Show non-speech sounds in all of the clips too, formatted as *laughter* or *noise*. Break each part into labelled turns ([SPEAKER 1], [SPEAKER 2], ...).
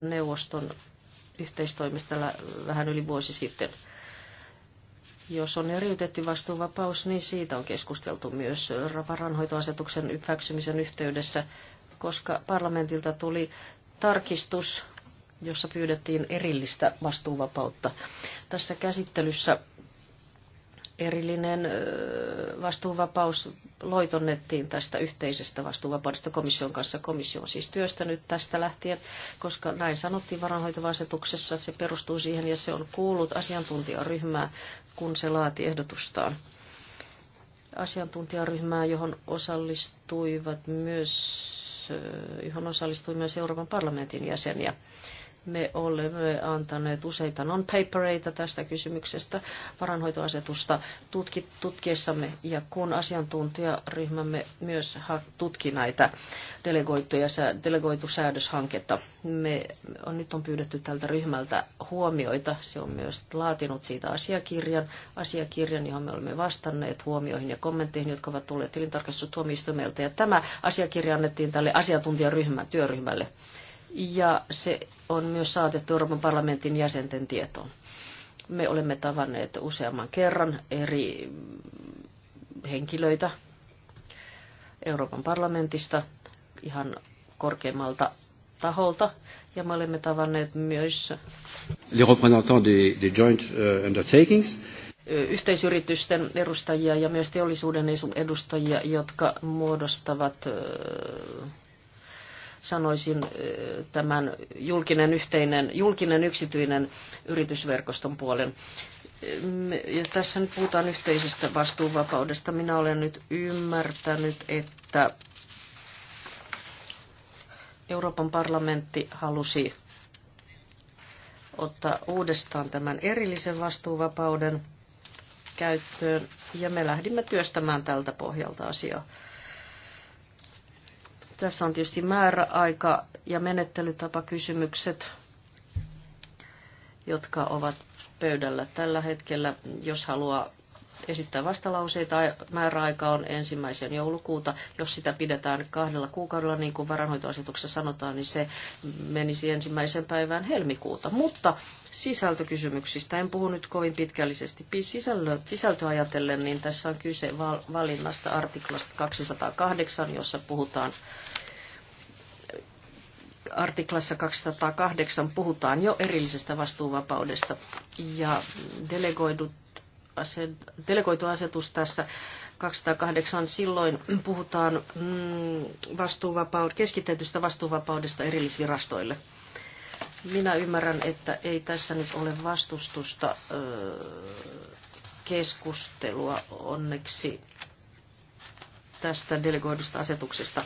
[SPEAKER 1] neuvoston yhteistoimista vähän yli vuosi sitten. Jos on eriytetty vastuuvapaus, niin siitä on keskusteltu myös varanhoitoasetuksen hyväksymisen yhteydessä, koska parlamentilta tuli tarkistus, jossa pyydettiin erillistä vastuuvapautta. Tässä käsittelyssä erillinen vastuuvapaus loitonnettiin tästä yhteisestä vastuuvapaudesta komission kanssa. Komissio on siis työstänyt tästä lähtien, koska näin sanottiin varanhoitovasetuksessa, Se perustuu siihen ja se on kuullut asiantuntijaryhmää, kun se laati ehdotustaan. Asiantuntijaryhmää, johon osallistuivat myös, johon osallistui myös Euroopan parlamentin jäseniä. Me olemme antaneet useita non-papereita tästä kysymyksestä varanhoitoasetusta tutki, tutkiessamme ja kun asiantuntijaryhmämme myös tutki näitä delegoituja, delegoitu säädöshanketta. Me, on, nyt on pyydetty tältä ryhmältä huomioita. Se on myös laatinut siitä asiakirjan, asiakirjan johon me olemme vastanneet huomioihin ja kommentteihin, jotka ovat tulleet tilintarkastustuomioistuimelta. Ja tämä asiakirja annettiin tälle asiantuntijaryhmän työryhmälle ja se on myös saatettu Euroopan parlamentin jäsenten tietoon. Me olemme tavanneet useamman kerran eri henkilöitä Euroopan parlamentista ihan korkeimmalta taholta ja me olemme tavanneet myös les
[SPEAKER 2] représentants des, des joint euh, undertakings
[SPEAKER 1] yhteisyritysten edustajia ja myös teollisuuden edustajia, jotka muodostavat sanoisin, tämän julkinen, yhteinen, julkinen yksityinen yritysverkoston puolen. Ja tässä nyt puhutaan yhteisestä vastuuvapaudesta. Minä olen nyt ymmärtänyt, että Euroopan parlamentti halusi ottaa uudestaan tämän erillisen vastuuvapauden käyttöön, ja me lähdimme työstämään tältä pohjalta asiaa. Tässä on tietysti määräaika ja menettelytapakysymykset, jotka ovat pöydällä tällä hetkellä. Jos haluaa esittää vastalauseita, määräaika on ensimmäisen joulukuuta. Jos sitä pidetään kahdella kuukaudella, niin kuin varanhoitoasetuksessa sanotaan, niin se menisi ensimmäisen päivään helmikuuta. Mutta sisältökysymyksistä, en puhu nyt kovin pitkällisesti Sisältö, ajatellen, niin tässä on kyse valinnasta artiklasta 208, jossa puhutaan artiklassa 208 puhutaan jo erillisestä vastuuvapaudesta ja delegoidut aset, delegoitu asetus tässä 208 silloin puhutaan mm, vastuuvapaud, keskitetystä vastuuvapaudesta erillisvirastoille. Minä ymmärrän, että ei tässä nyt ole vastustusta keskustelua onneksi tästä delegoidusta asetuksesta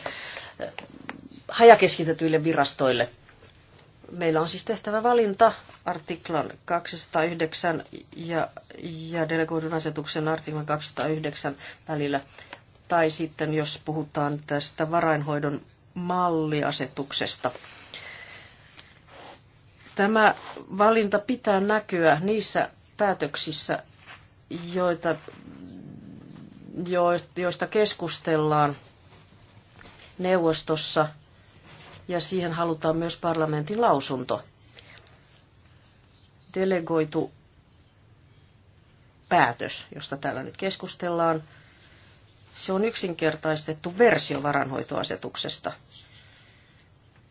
[SPEAKER 1] hajakeskitetyille virastoille. Meillä on siis tehtävä valinta artiklan 209 ja, ja delegoidun asetuksen artiklan 209 välillä. Tai sitten jos puhutaan tästä varainhoidon malliasetuksesta. Tämä valinta pitää näkyä niissä päätöksissä, joita, joista keskustellaan neuvostossa – ja siihen halutaan myös parlamentin lausunto. Delegoitu päätös, josta täällä nyt keskustellaan, se on yksinkertaistettu versio varanhoitoasetuksesta.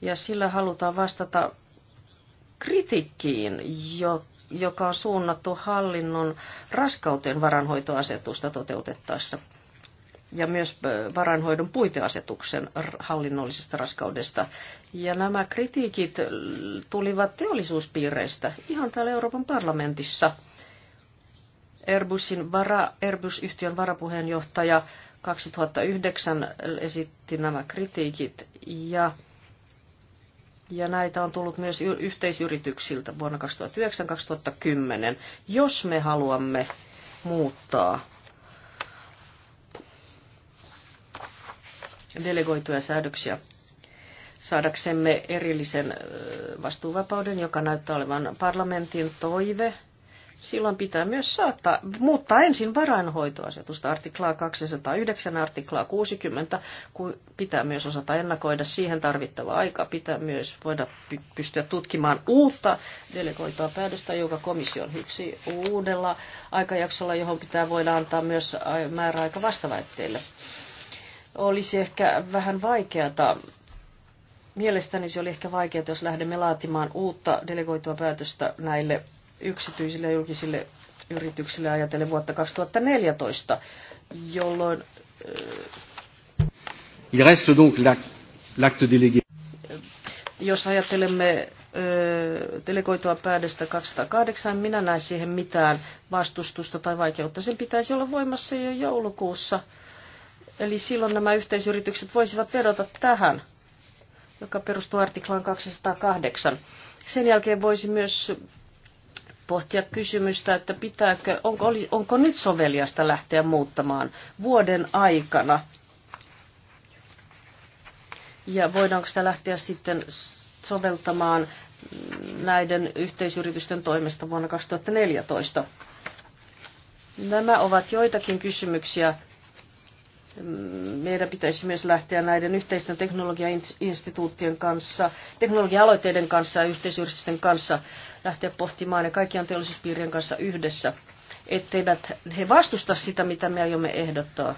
[SPEAKER 1] Ja sillä halutaan vastata kritiikkiin, joka on suunnattu hallinnon raskauteen varanhoitoasetusta toteutettaessa ja myös äh, varainhoidon puiteasetuksen hallinnollisesta raskaudesta. Ja nämä kritiikit tulivat teollisuuspiireistä ihan täällä Euroopan parlamentissa. Airbusin vara, Airbus-yhtiön varapuheenjohtaja 2009 esitti nämä kritiikit ja, ja näitä on tullut myös yhteisyrityksiltä vuonna 2009-2010. Jos me haluamme muuttaa delegoituja säädöksiä saadaksemme erillisen vastuuvapauden, joka näyttää olevan parlamentin toive. Silloin pitää myös saattaa, muuttaa ensin varainhoitoasetusta, artiklaa 209, artiklaa 60, kun pitää myös osata ennakoida siihen tarvittava aika, pitää myös voida pystyä tutkimaan uutta delegoitua päätöstä, joka komission hyksi uudella aikajaksolla, johon pitää voida antaa myös määräaika vastaväitteille olisi ehkä vähän vaikeata. Mielestäni se oli ehkä vaikeaa, jos lähdemme laatimaan uutta delegoitua päätöstä näille yksityisille ja julkisille yrityksille ajatellen vuotta 2014, jolloin...
[SPEAKER 2] Il reste donc l'acte délégué.
[SPEAKER 1] Jos ajattelemme delegoitua päätöstä 208, minä näen siihen mitään vastustusta tai vaikeutta. Sen pitäisi olla voimassa jo joulukuussa Eli silloin nämä yhteisyritykset voisivat vedota tähän, joka perustuu artiklaan 208. Sen jälkeen voisi myös pohtia kysymystä, että pitääkö, onko, onko nyt soveliasta lähteä muuttamaan vuoden aikana. Ja voidaanko sitä lähteä sitten soveltamaan näiden yhteisyritysten toimesta vuonna 2014. Nämä ovat joitakin kysymyksiä, meidän pitäisi myös lähteä näiden yhteisten teknologiainstituuttien kanssa, teknologia-aloitteiden kanssa ja yhteisyritysten kanssa lähteä pohtimaan ja kaikkien teollisuuspiirien kanssa yhdessä, etteivät he vastusta sitä, mitä me aiomme ehdottaa.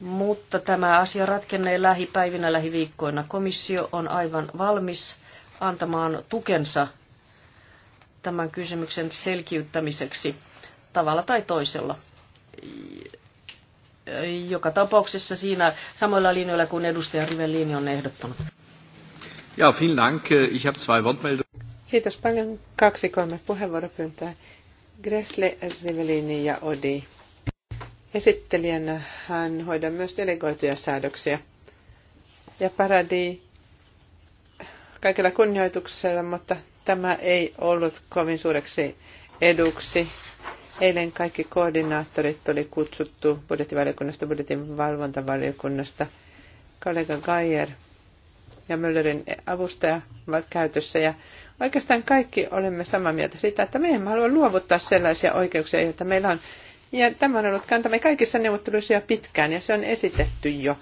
[SPEAKER 1] Mutta tämä asia ratkenee lähipäivinä, lähiviikkoina. Komissio on aivan valmis antamaan tukensa tämän kysymyksen selkiyttämiseksi tavalla tai toisella joka tapauksessa siinä samoilla linjoilla kuin edustaja Rivellini on ehdottanut.
[SPEAKER 2] Ja, vielen Dank. Ich habe zwei Wortmeldungen.
[SPEAKER 3] Kiitos paljon. Kaksi kolme puheenvuoropyyntöä. Gressle, Rivellini ja Odi. Esittelijänä hän hoidaa myös delegoituja säädöksiä. Ja Paradi kaikilla kunnioituksella, mutta tämä ei ollut kovin suureksi eduksi Eilen kaikki koordinaattorit oli kutsuttu budjettivaliokunnasta, budjetin valvontavaliokunnasta. Kollega Geier ja Möllerin avustaja ovat käytössä ja oikeastaan kaikki olemme samaa mieltä siitä, että me emme halua luovuttaa sellaisia oikeuksia, joita meillä on. Ja tämä on ollut kantamme kaikissa neuvotteluissa jo pitkään ja se on esitetty jo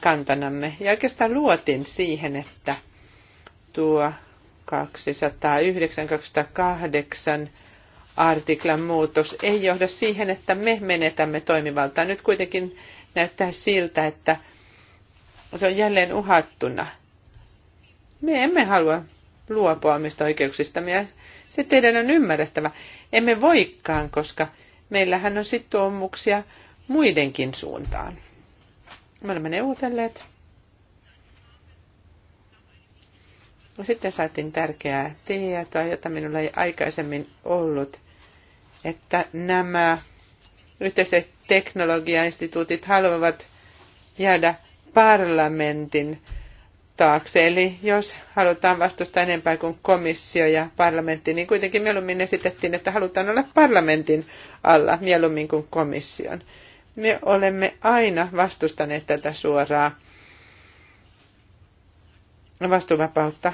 [SPEAKER 3] kantanamme. Ja oikeastaan luotin siihen, että tuo 209, 208 artiklan muutos ei johda siihen, että me menetämme toimivaltaa. Nyt kuitenkin näyttää siltä, että se on jälleen uhattuna. Me emme halua luopua omista oikeuksistamme ja se teidän on ymmärrettävä. Emme voikaan, koska meillähän on sitoumuksia muidenkin suuntaan. Me olemme neuvotelleet. Sitten saatiin tärkeää tietoa, jota minulla ei aikaisemmin ollut että nämä yhteiset teknologiainstituutit haluavat jäädä parlamentin taakse. Eli jos halutaan vastustaa enempää kuin komissio ja parlamentti, niin kuitenkin mieluummin esitettiin, että halutaan olla parlamentin alla mieluummin kuin komission. Me olemme aina vastustaneet tätä suoraa vastuuvapautta.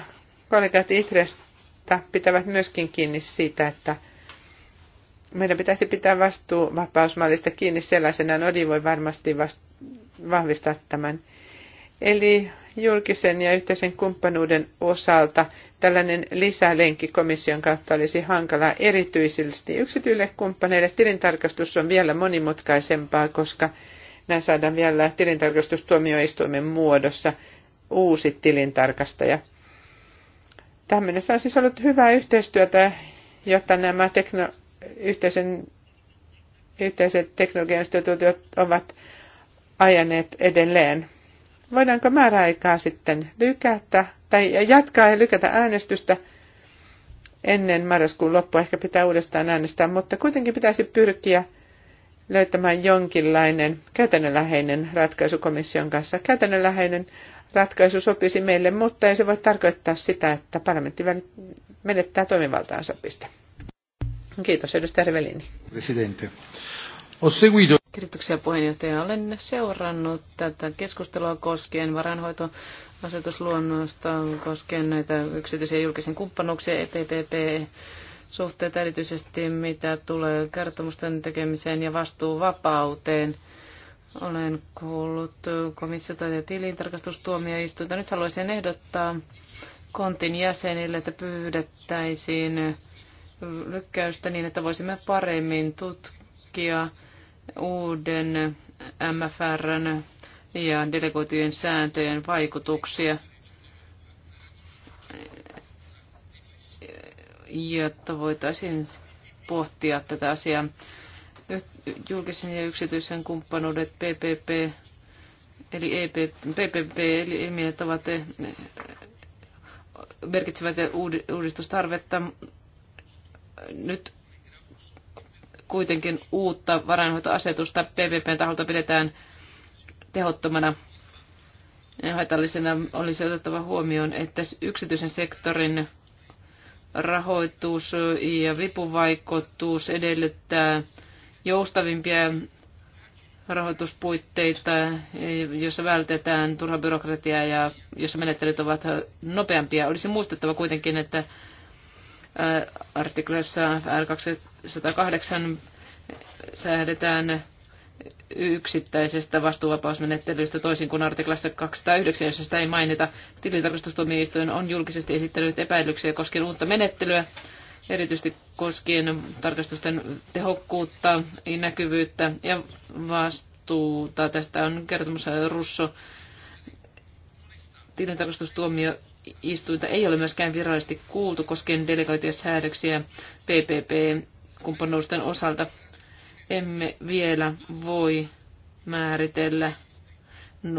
[SPEAKER 3] Kollegat Itrestä pitävät myöskin kiinni siitä, että meidän pitäisi pitää vastuu vapausmallista kiinni sellaisena. Nodi voi varmasti vahvistaa tämän. Eli julkisen ja yhteisen kumppanuuden osalta tällainen lisälenki komission kautta olisi hankalaa erityisesti yksityille kumppaneille. Tilintarkastus on vielä monimutkaisempaa, koska näin saadaan vielä tilintarkastustuomioistuimen muodossa uusi tilintarkastaja. Tähän mennessä on siis ollut hyvää yhteistyötä, jotta nämä tekno- yhteisen, yhteiset teknologiainstituutiot ovat ajaneet edelleen. Voidaanko määräaikaa sitten lykätä tai jatkaa ja lykätä äänestystä ennen marraskuun loppua? Ehkä pitää uudestaan äänestää, mutta kuitenkin pitäisi pyrkiä löytämään jonkinlainen käytännönläheinen ratkaisu komission kanssa. Käytännönläheinen ratkaisu sopisi meille, mutta ei se voi tarkoittaa sitä, että parlamentti menettää toimivaltaansa piste. Kiitos, edustaja
[SPEAKER 2] Presidente. seguito.
[SPEAKER 4] Kiitoksia puheenjohtaja. Olen seurannut tätä keskustelua koskien varainhoitoasetusluonnosta, koskien näitä yksityisiä julkisen kumppanuuksia, EPPP, suhteet erityisesti mitä tulee kertomusten tekemiseen ja vastuuvapauteen. Olen kuullut komissiota ja tilintarkastustuomioistuinta. Nyt haluaisin ehdottaa kontin jäsenille, että pyydettäisiin lykkäystä niin, että voisimme paremmin tutkia uuden MFRn ja delegoitujen sääntöjen vaikutuksia, jotta voitaisiin pohtia tätä asiaa. Julkisen ja yksityisen kumppanuudet PPP eli EP, PPP eli ilmiöt ovat eh, merkitsevät uudistustarvetta, nyt kuitenkin uutta varainhoitoasetusta PVPn taholta pidetään tehottomana ja haitallisena olisi otettava huomioon, että yksityisen sektorin rahoitus ja vipuvaikutus edellyttää joustavimpia rahoituspuitteita, jossa vältetään turha byrokratiaa ja jossa menettelyt ovat nopeampia. Olisi muistettava kuitenkin, että artiklassa R208 säädetään yksittäisestä vastuuvapausmenettelystä toisin kuin artiklassa 209, jossa sitä ei mainita. Tilintarkastustuomioistuin on julkisesti esittänyt epäilyksiä koskien uutta menettelyä, erityisesti koskien tarkastusten tehokkuutta, näkyvyyttä ja vastuuta. Tästä on kertomus Russo. Tilintarkastustuomio istuinta ei ole myöskään virallisesti kuultu koskien delegoituja säädöksiä PPP-kumppanuusten osalta. Emme vielä voi määritellä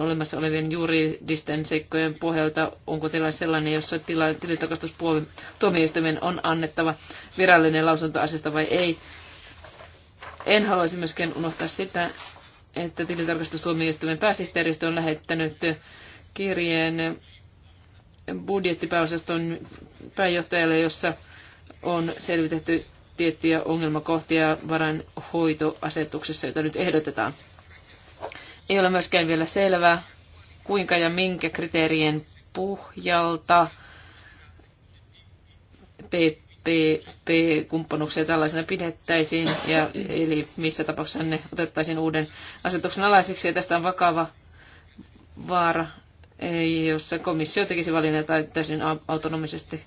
[SPEAKER 4] olemassa olevien juridisten seikkojen pohjalta, onko tila sellainen, jossa tilintarkastustuomioistuimen on annettava virallinen lausunto asiasta vai ei. En haluaisi myöskään unohtaa sitä, että tilintarkastustuomioistuimen pääsihteeristö on lähettänyt kirjeen budjettipääosaston pääjohtajalle, jossa on selvitetty tiettyjä ongelmakohtia varainhoitoasetuksessa, jota nyt ehdotetaan. Ei ole myöskään vielä selvää, kuinka ja minkä kriteerien puhjalta ppp kumppanuksia tällaisena pidettäisiin, ja, eli missä tapauksessa ne otettaisiin uuden asetuksen alaisiksi, ja tästä on vakava vaara jos se komissio tekisi valinnan täysin autonomisesti.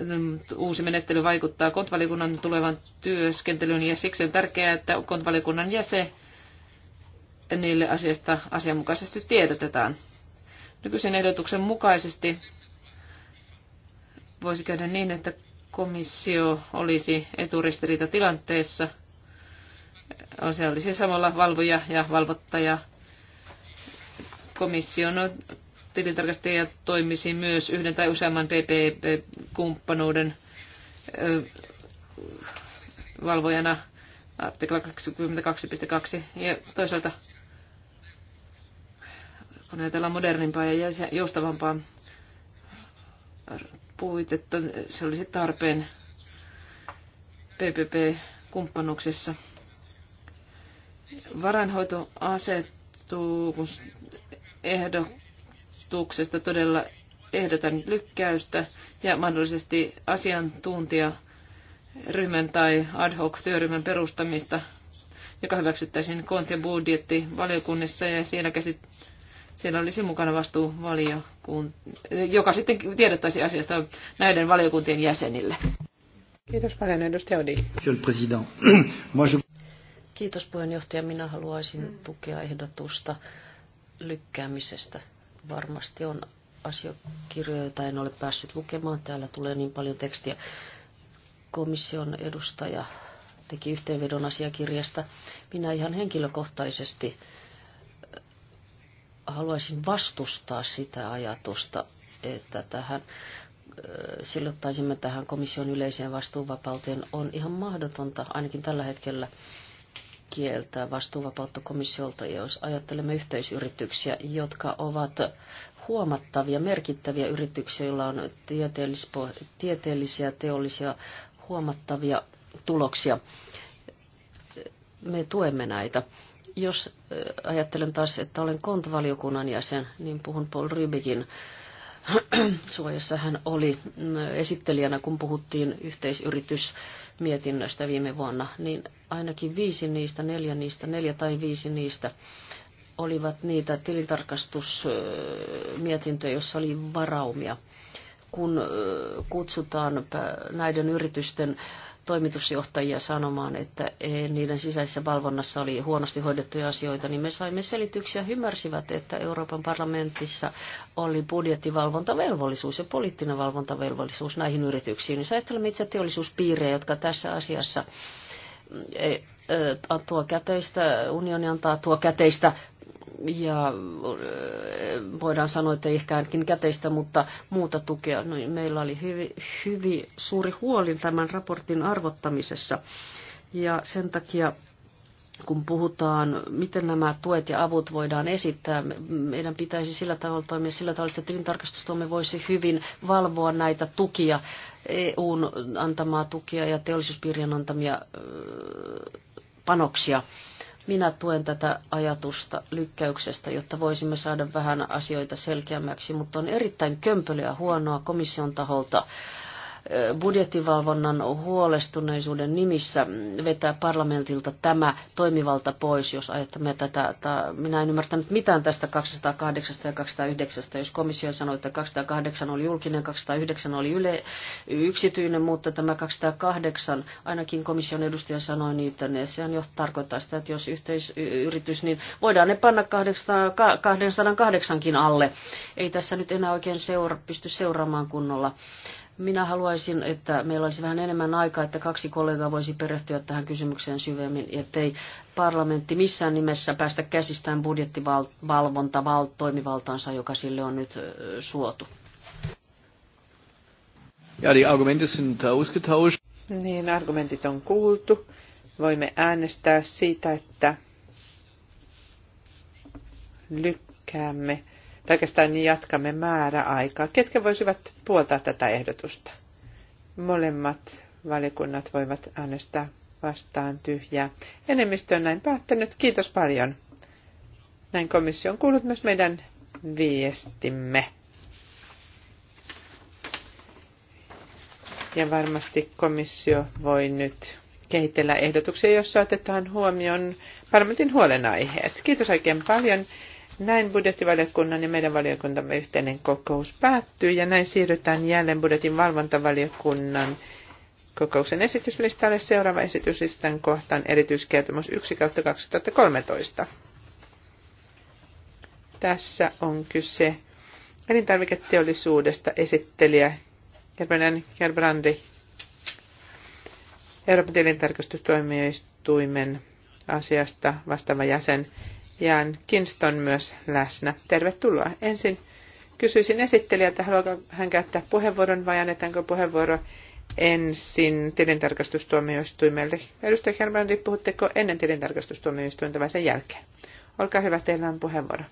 [SPEAKER 4] Mm, uusi menettely vaikuttaa kontvalikunnan tulevan työskentelyyn ja siksi on tärkeää, että kontvalikunnan jäsen niille asiasta asianmukaisesti tiedotetaan. Nykyisen ehdotuksen mukaisesti voisi käydä niin, että komissio olisi tilanteessa. Se olisi samalla valvoja ja valvottaja komission tilintarkastaja toimisi myös yhden tai useamman PPP-kumppanuuden valvojana artikla 22.2 ja toisaalta kun ajatellaan modernimpaa ja joustavampaa puitetta, se olisi tarpeen PPP-kumppanuksessa. Varainhoitoasetus ehdotuksesta todella ehdotan lykkäystä ja mahdollisesti asiantuntijaryhmän tai ad hoc työryhmän perustamista, joka hyväksyttäisiin kont- ja budjettivaliokunnissa ja siellä, käsit- siellä olisi mukana vastuuvaliokunta, joka sitten tiedottaisi asiasta näiden valiokuntien jäsenille.
[SPEAKER 1] Kiitos paljon, edustaja Odi. Kiitos puheenjohtaja. Minä haluaisin tukea ehdotusta lykkäämisestä. Varmasti on asiakirjoja, joita en ole päässyt lukemaan. Täällä tulee niin paljon tekstiä. Komission edustaja teki yhteenvedon asiakirjasta. Minä ihan henkilökohtaisesti äh, haluaisin vastustaa sitä ajatusta, että tähän äh, silloittaisimme tähän komission yleiseen vastuunvapauteen on ihan mahdotonta, ainakin tällä hetkellä kieltää vastuuvapautta komissiolta, jos ajattelemme yhteisyrityksiä, jotka ovat huomattavia, merkittäviä yrityksiä, joilla on tieteellisiä, teollisia huomattavia tuloksia. Me tuemme näitä. Jos äh, ajattelen taas, että olen kontvaliokunnan jäsen, niin puhun Paul Rybikin *clears throat* suojassa. Hän oli äh, esittelijänä, kun puhuttiin yhteisyritys mietinnöstä viime vuonna, niin ainakin viisi niistä, neljä niistä, neljä tai viisi niistä olivat niitä tilintarkastusmietintöjä, joissa oli varaumia. Kun kutsutaan näiden yritysten toimitusjohtajia sanomaan, että e, niiden sisäisessä valvonnassa oli huonosti hoidettuja asioita, niin me saimme selityksiä, hymärsivät, että Euroopan parlamentissa oli budjettivalvontavelvollisuus ja poliittinen valvontavelvollisuus näihin yrityksiin. Jos ajattelemme itse teollisuuspiirejä, jotka tässä asiassa e, e, tuo käteistä, unioni antaa tuo käteistä ja äh, voidaan sanoa, että ainakin käteistä, mutta muuta tukea. No, meillä oli hyvin, hyvin suuri huoli tämän raportin arvottamisessa ja sen takia kun puhutaan, miten nämä tuet ja avut voidaan esittää, meidän pitäisi sillä tavalla toimia sillä tavalla, että tilintarkastustoimme voisi hyvin valvoa näitä tukia, EUn antamaa tukia ja teollisuuspiirien antamia äh, panoksia minä tuen tätä ajatusta lykkäyksestä, jotta voisimme saada vähän asioita selkeämmäksi, mutta on erittäin kömpelöä huonoa komission taholta budjettivalvonnan huolestuneisuuden nimissä vetää parlamentilta tämä toimivalta pois, jos ajattelemme tätä. Ta, minä en ymmärtänyt mitään tästä 208 ja 209. Jos komissio sanoi, että 208 oli julkinen, 209 oli yle, yksityinen, mutta tämä 208, ainakin komission edustaja sanoi niitä, niin sehän jo tarkoittaa sitä, että jos yhteisyritys, niin voidaan ne panna 208kin alle. Ei tässä nyt enää oikein seura, pysty seuraamaan kunnolla minä haluaisin, että meillä olisi vähän enemmän aikaa, että kaksi kollegaa voisi perehtyä tähän kysymykseen syvemmin, ettei parlamentti missään nimessä päästä käsistään budjettivalvonta toimivaltaansa, joka sille on nyt suotu.
[SPEAKER 2] Ja, die Argumente sind ausgetauscht.
[SPEAKER 1] Niin, argumentit on kuultu.
[SPEAKER 3] Voimme äänestää siitä, että lykkäämme oikeastaan jatkamme määräaikaa. Ketkä voisivat puoltaa tätä ehdotusta? Molemmat valiokunnat voivat äänestää vastaan tyhjää. Enemmistö on näin päättänyt. Kiitos paljon. Näin komissio on kuullut myös meidän viestimme. Ja varmasti komissio voi nyt kehitellä ehdotuksia, joissa otetaan huomioon parlamentin huolenaiheet. Kiitos oikein paljon näin budjettivaliokunnan ja meidän valiokuntamme yhteinen kokous päättyy ja näin siirrytään jälleen budjetin valvontavaliokunnan kokouksen esityslistalle. Seuraava esityslistan kohtaan erityiskertomus 1 2013. Tässä on kyse elintarviketeollisuudesta esittelijä Gerbrand Gerbrandi Euroopan tilintarkastustuomioistuimen asiasta vastaava jäsen Jan Kinston myös läsnä. Tervetuloa. Ensin kysyisin esittelijältä, haluaako hän käyttää puheenvuoron vai annetaanko puheenvuoro ensin tilintarkastustuomioistuimelle. Edustaja Herbrandi, puhutteko ennen tilintarkastustuomioistuinta vai sen jälkeen? Olkaa hyvä, teillä on puheenvuoro.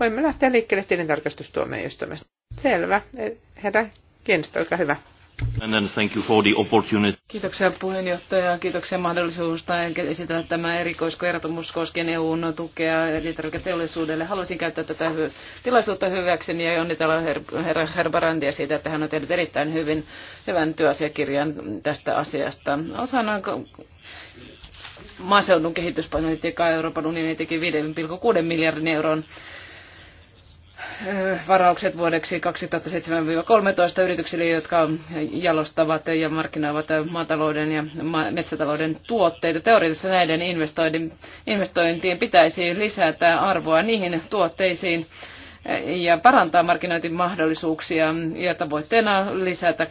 [SPEAKER 3] Voimme lähteä liikkeelle tilintarkastustuomioistuimesta. Selvä. Herra Kinston,
[SPEAKER 4] olkaa hyvä. Kiitoksia puheenjohtaja, kiitoksia mahdollisuudesta esitellä tämä erikoiskertomus koskien EUn tukea elintarviketeollisuudelle. Haluaisin käyttää tätä hy- tilaisuutta hyväkseni ja onnitella her- herra Herbarandia siitä, että hän on tehnyt erittäin hyvin, hyvän työasiakirjan tästä asiasta. Osana maaseudun kehityspolitiikkaa Euroopan unioni teki 5,6 miljardin euron varaukset vuodeksi 2007-2013 yrityksille, jotka jalostavat ja markkinoivat maatalouden ja metsätalouden tuotteita. Teoriassa näiden investointien pitäisi lisätä arvoa niihin tuotteisiin ja parantaa markkinointimahdollisuuksia ja tavoitteena lisätä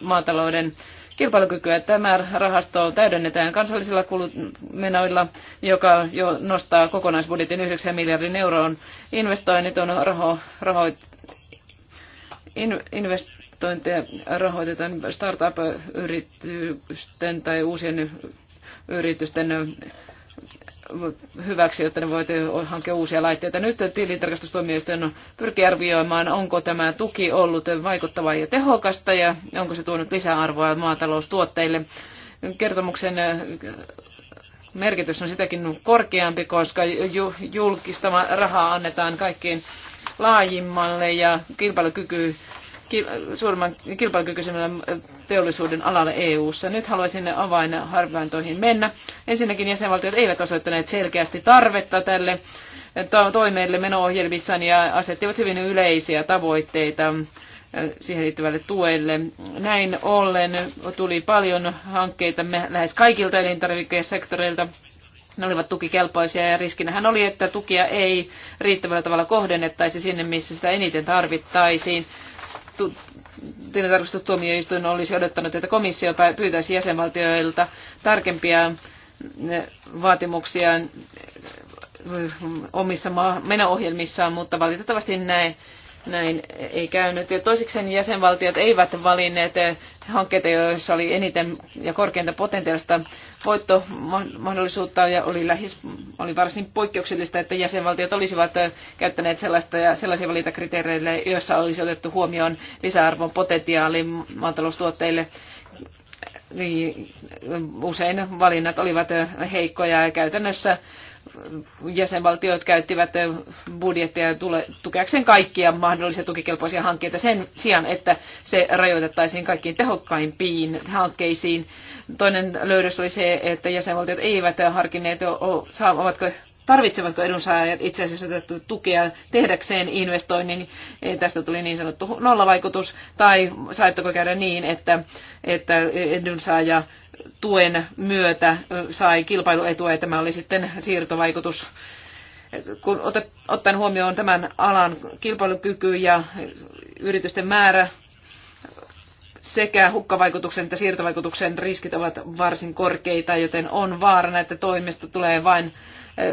[SPEAKER 4] maatalouden kilpailukykyä. Tämä rahasto täydennetään kansallisilla kulumenoilla, joka jo nostaa kokonaisbudjetin 9 miljardin euroon. Investoinnit on raho, rahoit, in, investointeja rahoitetaan startup-yritysten tai uusien yritysten hyväksi, jotta ne voivat hankkia uusia laitteita. Nyt tilintarkastustuomioistuin pyrkii arvioimaan, onko tämä tuki ollut vaikuttavaa ja tehokasta ja onko se tuonut lisäarvoa maataloustuotteille. Kertomuksen merkitys on sitäkin korkeampi, koska julkistama rahaa annetaan kaikkein laajimmalle ja kilpailukyky suurimman kilpailukykyisemmän teollisuuden alalle EU-ssa. Nyt haluaisin avainharvaintoihin mennä. Ensinnäkin jäsenvaltiot eivät osoittaneet selkeästi tarvetta tälle toimeille menoohjelmissaan ja asettivat hyvin yleisiä tavoitteita siihen liittyvälle tuelle. Näin ollen tuli paljon hankkeita lähes kaikilta elintarvikesektoreilta. Ne olivat tukikelpoisia ja riskinähän oli, että tukia ei riittävällä tavalla kohdennettaisi sinne, missä sitä eniten tarvittaisiin tilintarkastustuomioistuin olisi odottanut, että komissio pyytäisi jäsenvaltioilta tarkempia vaatimuksia omissa menoohjelmissaan, mutta valitettavasti näin näin ei käynyt. Ja toisekseen jäsenvaltiot eivät valinneet eh, hankkeita, joissa oli eniten ja korkeinta potentiaalista voittomahdollisuutta ja oli, lähis, oli varsin poikkeuksellista, että jäsenvaltiot olisivat eh, käyttäneet sellaista ja sellaisia valintakriteereille, joissa olisi otettu huomioon lisäarvon potentiaali maataloustuotteille. Niin, usein valinnat olivat eh, heikkoja ja käytännössä jäsenvaltiot käyttivät budjettia tule, tukeakseen kaikkia mahdollisia tukikelpoisia hankkeita sen sijaan, että se rajoitettaisiin kaikkiin tehokkaimpiin hankkeisiin. Toinen löydös oli se, että jäsenvaltiot eivät harkinneet ovatko tarvitsevatko edunsaajat itse asiassa tätä tukea tehdäkseen investoinnin, tästä tuli niin sanottu nollavaikutus, tai saitteko käydä niin, että, että edunsaaja tuen myötä sai kilpailuetua ja tämä oli sitten siirtovaikutus. Kun ottaen huomioon tämän alan kilpailukyky ja yritysten määrä, sekä hukkavaikutuksen että siirtovaikutuksen riskit ovat varsin korkeita, joten on vaarana, että toimesta tulee vain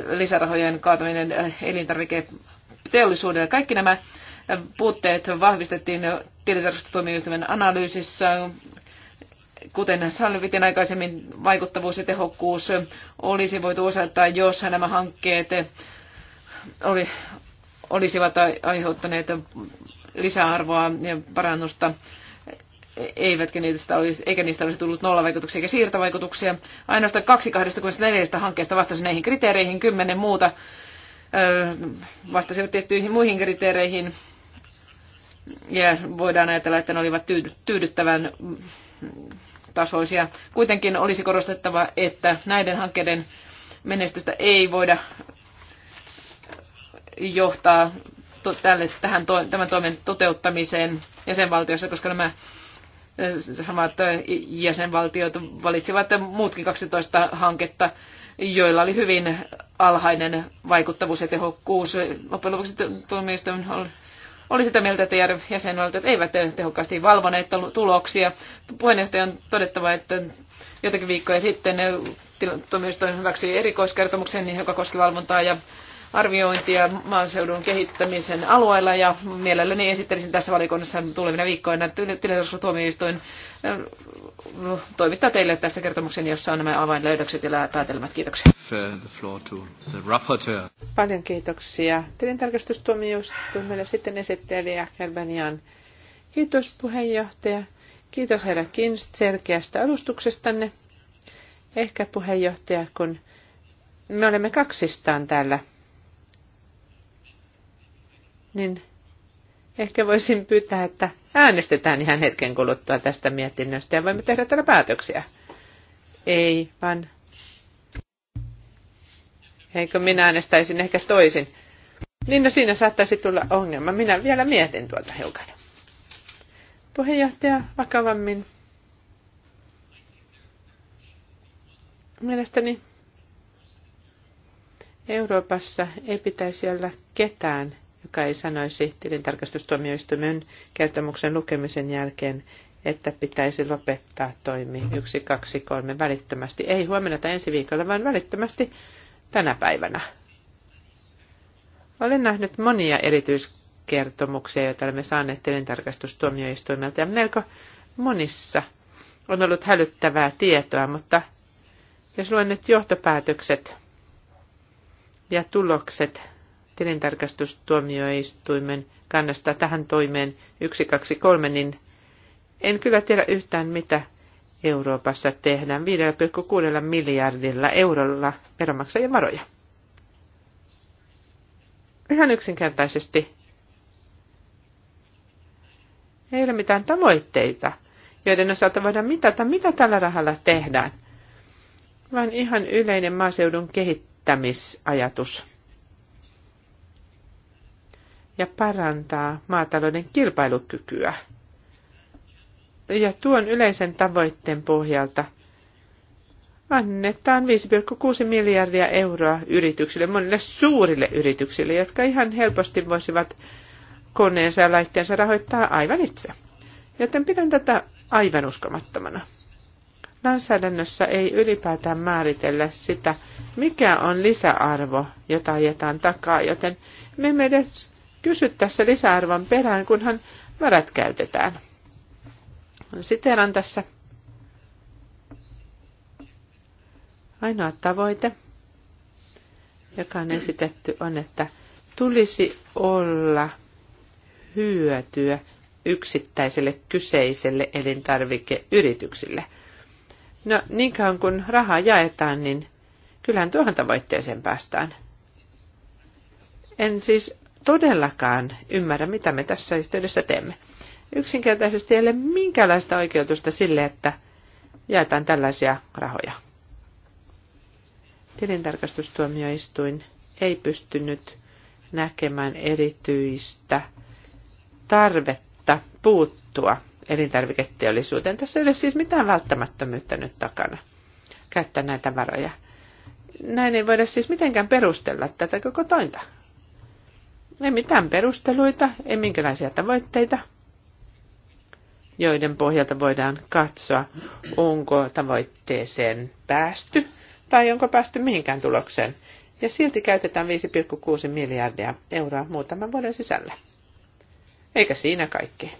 [SPEAKER 4] lisärahojen kaataminen elintarviketeollisuudelle. Kaikki nämä puutteet vahvistettiin tilintarkastustoimijoistamme analyysissä kuten Salvitin aikaisemmin, vaikuttavuus ja tehokkuus olisi voitu osoittaa, jos nämä hankkeet oli, olisivat aiheuttaneet lisäarvoa ja parannusta, eivätkä niistä olisi, eikä niistä olisi tullut nollavaikutuksia eikä siirtovaikutuksia. Ainoastaan 2 hankkeesta vastasi näihin kriteereihin, kymmenen muuta vastasivat tiettyihin muihin kriteereihin. Ja voidaan ajatella, että ne olivat tyydyttävän tasoisia. Kuitenkin olisi korostettava, että näiden hankkeiden menestystä ei voida johtaa tälle, tähän, tämän toimen toteuttamiseen jäsenvaltiossa, koska nämä eh, samat eh, jäsenvaltiot valitsivat muutkin 12 hanketta, joilla oli hyvin alhainen vaikuttavuus ja tehokkuus. Loppujen lopuksi tuomioistuin oli sitä mieltä, että jäsenvaltiot eivät tehokkaasti valvoneet tuloksia. Puheenjohtaja on todettava, että jotakin viikkoja sitten tuomioistuin hyväksyi erikoiskertomuksen, joka koski valvontaa ja arviointia maaseudun kehittämisen alueella ja mielelläni esittelisin tässä valikunnassa tulevina viikkoina tilintarkastustuomioistuin äh, no, toimittaa teille tässä kertomuksen, jossa on nämä avainlöydökset ja päätelmät. Kiitoksia. Paljon kiitoksia.
[SPEAKER 3] Tilintarkastustuomioistuimelle sitten esittelijä Kerbenian. Kiitos puheenjohtaja. Kiitos herra Kinst selkeästä alustuksestanne. Ehkä puheenjohtaja, kun me olemme kaksistaan täällä niin ehkä voisin pyytää, että äänestetään ihan hetken kuluttua tästä mietinnöstä ja voimme tehdä täällä päätöksiä. Ei, vaan eikö minä äänestäisin ehkä toisin. Niin no siinä saattaisi tulla ongelma. Minä vielä mietin tuota hiukan. Puheenjohtaja vakavammin. Mielestäni Euroopassa ei pitäisi olla ketään, Kreikka ei sanoisi tilintarkastustuomioistuimen kertomuksen lukemisen jälkeen, että pitäisi lopettaa toimi 1, 2, 3 välittömästi. Ei huomenna tai ensi viikolla, vaan välittömästi tänä päivänä. Olen nähnyt monia erityiskertomuksia, joita olemme saaneet tilintarkastustuomioistuimelta, ja melko monissa on ollut hälyttävää tietoa, mutta jos luen nyt johtopäätökset ja tulokset tilintarkastustuomioistuimen kannasta tähän toimeen 123, niin en kyllä tiedä yhtään mitä Euroopassa tehdään 5,6 miljardilla eurolla veronmaksajien varoja. Ihan yksinkertaisesti ei ole mitään tavoitteita, joiden osalta voidaan mitata, mitä tällä rahalla tehdään, vaan ihan yleinen maaseudun kehittämisajatus ja parantaa maatalouden kilpailukykyä. Ja tuon yleisen tavoitteen pohjalta annetaan 5,6 miljardia euroa yrityksille, monille suurille yrityksille, jotka ihan helposti voisivat koneensa ja laitteensa rahoittaa aivan itse. Joten pidän tätä aivan uskomattomana. Lainsäädännössä ei ylipäätään määritellä sitä, mikä on lisäarvo, jota ajetaan takaa, joten me emme edes kysy tässä lisäarvon perään, kunhan varat käytetään. Siteran tässä. Ainoa tavoite, joka on esitetty, on, että tulisi olla hyötyä yksittäiselle kyseiselle elintarvikeyrityksille. No niin kauan kun rahaa jaetaan, niin kyllähän tuohon tavoitteeseen päästään. En siis todellakaan ymmärrä, mitä me tässä yhteydessä teemme. Yksinkertaisesti ei ole minkäänlaista oikeutusta sille, että jaetaan tällaisia rahoja. Tilintarkastustuomioistuin ei pystynyt näkemään erityistä tarvetta puuttua elintarviketeollisuuteen. Tässä ei ole siis mitään välttämättömyyttä nyt takana käyttää näitä varoja. Näin ei voida siis mitenkään perustella tätä koko tointa ei mitään perusteluita, ei minkälaisia tavoitteita, joiden pohjalta voidaan katsoa, onko tavoitteeseen päästy tai onko päästy mihinkään tulokseen. Ja silti käytetään 5,6 miljardia euroa muutaman vuoden sisällä. Eikä siinä kaikki.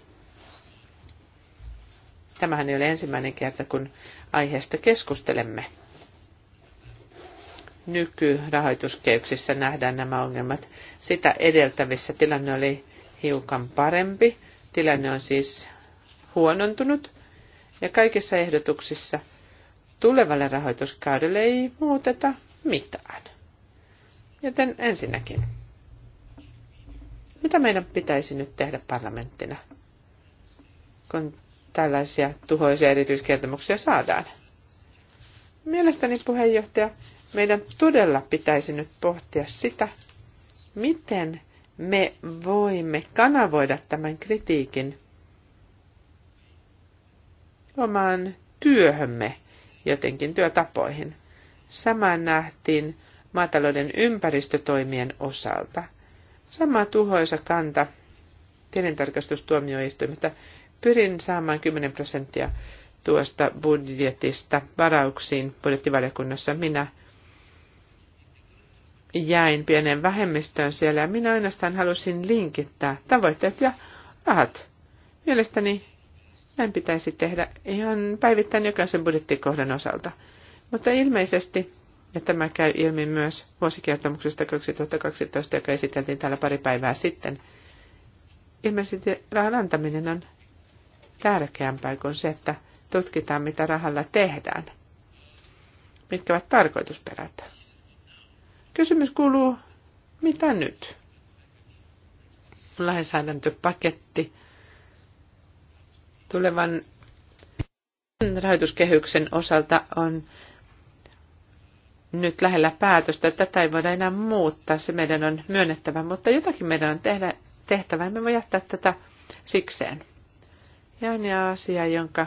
[SPEAKER 3] Tämähän ei ole ensimmäinen kerta, kun aiheesta keskustelemme nykyrahoituskeyksissä nähdään nämä ongelmat. Sitä edeltävissä tilanne oli hiukan parempi. Tilanne on siis huonontunut ja kaikissa ehdotuksissa tulevalle rahoituskaudelle ei muuteta mitään. Joten ensinnäkin, mitä meidän pitäisi nyt tehdä parlamenttina, kun tällaisia tuhoisia erityiskertomuksia saadaan? Mielestäni puheenjohtaja meidän todella pitäisi nyt pohtia sitä, miten me voimme kanavoida tämän kritiikin omaan työhömme jotenkin työtapoihin. Sama nähtiin maatalouden ympäristötoimien osalta. Sama tuhoisa kanta tilintarkastustuomioistuimesta. Pyrin saamaan 10 prosenttia tuosta budjetista varauksiin budjettivaliokunnassa. Minä jäin pienen vähemmistöön siellä ja minä ainoastaan halusin linkittää tavoitteet ja rahat. Mielestäni näin pitäisi tehdä ihan päivittäin jokaisen budjettikohdan osalta. Mutta ilmeisesti, ja tämä käy ilmi myös vuosikertomuksesta 2012, joka esiteltiin täällä pari päivää sitten, ilmeisesti rahan antaminen on tärkeämpää kuin se, että tutkitaan, mitä rahalla tehdään. Mitkä ovat tarkoitusperät? Kysymys kuuluu, mitä nyt? Lainsäädäntöpaketti tulevan rahoituskehyksen osalta on nyt lähellä päätöstä. Tätä ei voida enää muuttaa, se meidän on myönnettävä, mutta jotakin meidän on tehdä, tehtävä. Emme voi jättää tätä sikseen. Ja on asia, jonka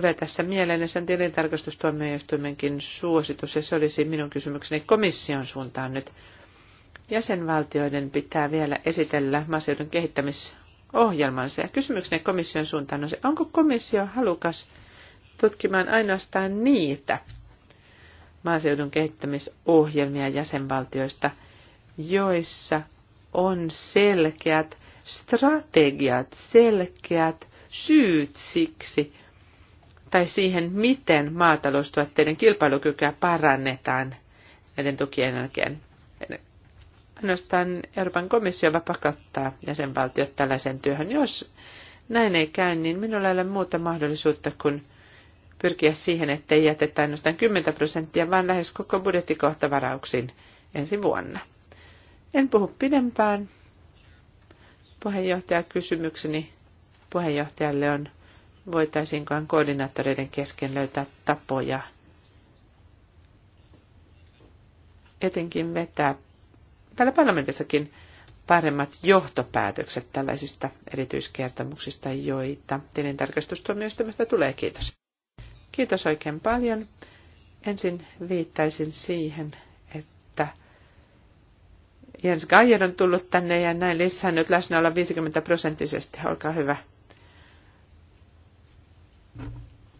[SPEAKER 3] tulee tässä mieleen, ja sen tilintarkastustuomioistuimenkin suositus, ja se olisi minun kysymykseni komission suuntaan nyt. Jäsenvaltioiden pitää vielä esitellä maaseudun kehittämisohjelmansa, ja kysymykseni komission suuntaan on se, onko komissio halukas tutkimaan ainoastaan niitä maaseudun kehittämisohjelmia jäsenvaltioista, joissa on selkeät strategiat, selkeät syyt siksi, tai siihen, miten maataloustuotteiden kilpailukykyä parannetaan näiden tukien jälkeen. Ainoastaan Euroopan komissio pakottaa jäsenvaltiot tällaisen työhön. Jos näin ei käy, niin minulla ei ole muuta mahdollisuutta kuin pyrkiä siihen, ettei jätetä ainoastaan 10 prosenttia, vaan lähes koko budjettikohta ensi vuonna. En puhu pidempään. Puheenjohtaja kysymykseni puheenjohtajalle on, voitaisiinkaan koordinaattoreiden kesken löytää tapoja Etenkin vetää täällä parlamentissakin paremmat johtopäätökset tällaisista erityiskertomuksista, joita tilintarkastustuomioistuimesta tulee. Kiitos. Kiitos oikein paljon. Ensin viittaisin siihen, että Jens Geijer on tullut tänne ja näin lisännyt olla 50 prosenttisesti. Olkaa hyvä.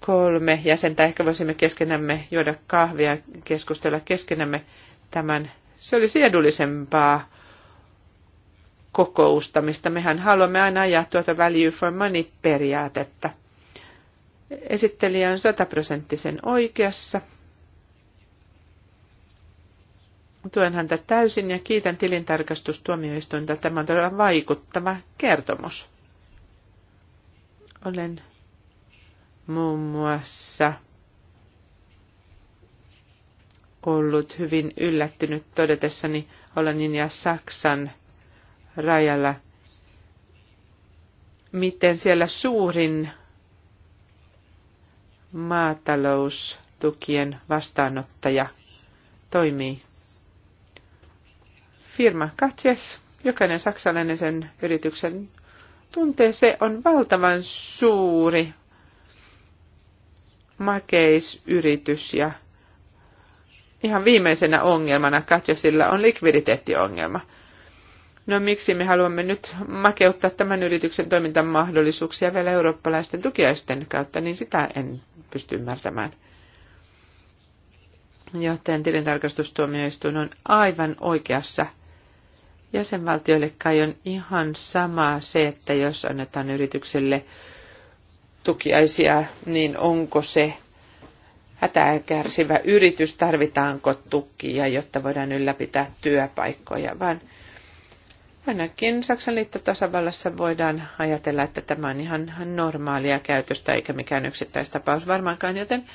[SPEAKER 3] kolme jäsentä. Ehkä voisimme keskenämme juoda kahvia ja keskustella keskenämme tämän. Se olisi edullisempaa kokousta, mistä mehän haluamme aina ajaa tuota value for money-periaatetta. Esittelijä on sataprosenttisen oikeassa. Tuen häntä täysin ja kiitän tilintarkastustuomioistuinta. Tämä on todella vaikuttava kertomus. Olen muun muassa ollut hyvin yllättynyt todetessani Hollannin ja Saksan rajalla, miten siellä suurin maataloustukien vastaanottaja toimii. Firma Katjes, jokainen saksalainen sen yrityksen tuntee, se on valtavan suuri makeisyritys ja ihan viimeisenä ongelmana katsosilla on likviditeettiongelma. No miksi me haluamme nyt makeuttaa tämän yrityksen toimintamahdollisuuksia vielä eurooppalaisten tukiaisten kautta, niin sitä en pysty ymmärtämään. Joten tilintarkastustuomioistuin on aivan oikeassa. Jäsenvaltioille kai on ihan sama se, että jos annetaan yritykselle tukiaisia, niin onko se hätää kärsivä yritys, tarvitaanko tukia, jotta voidaan ylläpitää työpaikkoja, vaan ainakin Saksan liittotasavallassa voidaan ajatella, että tämä on ihan normaalia käytöstä eikä mikään yksittäistapaus varmaankaan, joten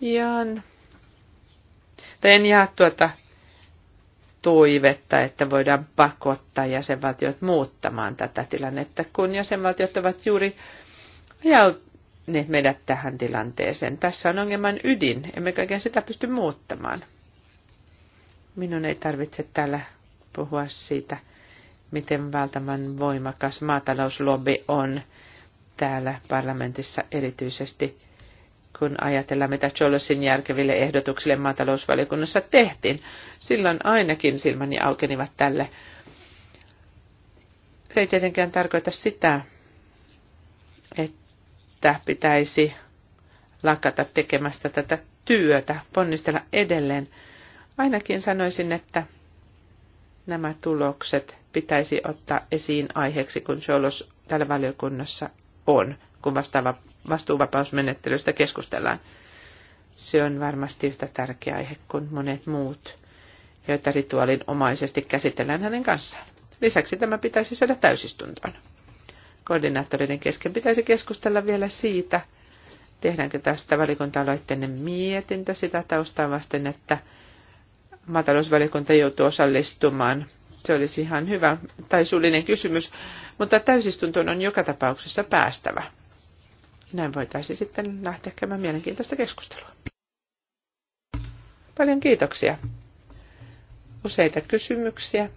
[SPEAKER 3] jaan, tai en jaa tuota toivetta, että voidaan pakottaa jäsenvaltiot muuttamaan tätä tilannetta, kun jäsenvaltiot ovat juuri ja meidät tähän tilanteeseen. Tässä on ongelman ydin, emme kaiken sitä pysty muuttamaan. Minun ei tarvitse täällä puhua siitä, miten valtavan voimakas maatalouslobby on täällä parlamentissa erityisesti, kun ajatellaan, mitä Cholosin järkeville ehdotuksille maatalousvaliokunnassa tehtiin. Silloin ainakin silmäni aukenivat tälle. Se ei tietenkään tarkoita sitä, että että pitäisi lakata tekemästä tätä työtä, ponnistella edelleen. Ainakin sanoisin, että nämä tulokset pitäisi ottaa esiin aiheeksi, kun Solos tällä valiokunnassa on, kun vastaava vastuuvapausmenettelystä keskustellaan. Se on varmasti yhtä tärkeä aihe kuin monet muut, joita omaisesti käsitellään hänen kanssaan. Lisäksi tämä pitäisi saada täysistuntoon koordinaattoreiden kesken. Pitäisi keskustella vielä siitä, tehdäänkö tästä valikunta-aloitteinen mietintö sitä taustaa vasten, että maatalousvalikunta joutuu osallistumaan. Se olisi ihan hyvä tai suullinen kysymys, mutta täysistuntoon on joka tapauksessa päästävä. Näin voitaisiin sitten lähteä käymään mielenkiintoista keskustelua. Paljon kiitoksia. Useita kysymyksiä.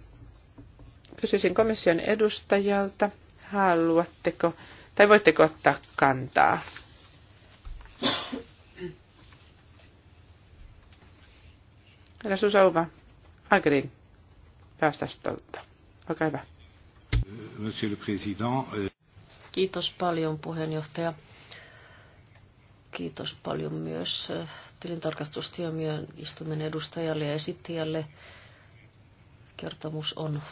[SPEAKER 3] Kysyisin komission edustajalta Haluatteko, tai voitteko ottaa kantaa? Herra Susauva, Agrin päästastolta. Olkaa hyvä.
[SPEAKER 2] Monsieur le Président. Euh,
[SPEAKER 1] Kiitos paljon puheenjohtaja. Kiitos paljon myös äh, istuminen edustajalle ja esittäjälle. Kertomus on,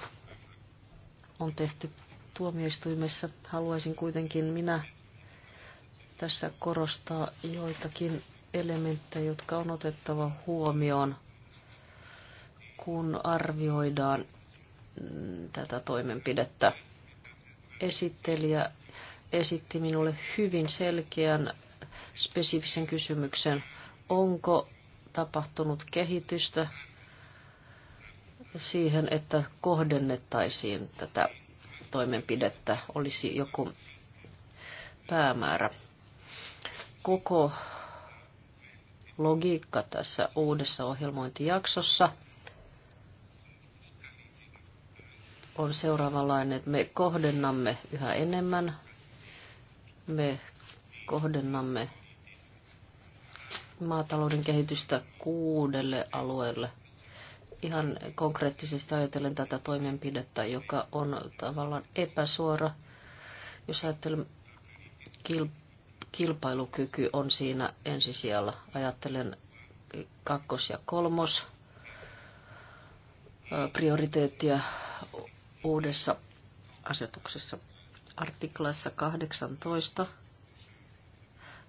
[SPEAKER 1] on tehty tuomioistuimessa. Haluaisin kuitenkin minä tässä korostaa joitakin elementtejä, jotka on otettava huomioon, kun arvioidaan tätä toimenpidettä. Esittelijä esitti minulle hyvin selkeän spesifisen kysymyksen, onko tapahtunut kehitystä siihen, että kohdennettaisiin tätä toimenpidettä, olisi joku päämäärä. Koko logiikka tässä uudessa ohjelmointijaksossa on seuraavanlainen, että me kohdennamme yhä enemmän, me kohdennamme maatalouden kehitystä kuudelle alueelle – ihan konkreettisesti ajatellen tätä toimenpidettä, joka on tavallaan epäsuora. Jos ajattelen kilpailukyky on siinä ensisijalla. Ajattelen kakkos- ja kolmos prioriteettia uudessa asetuksessa artiklassa 18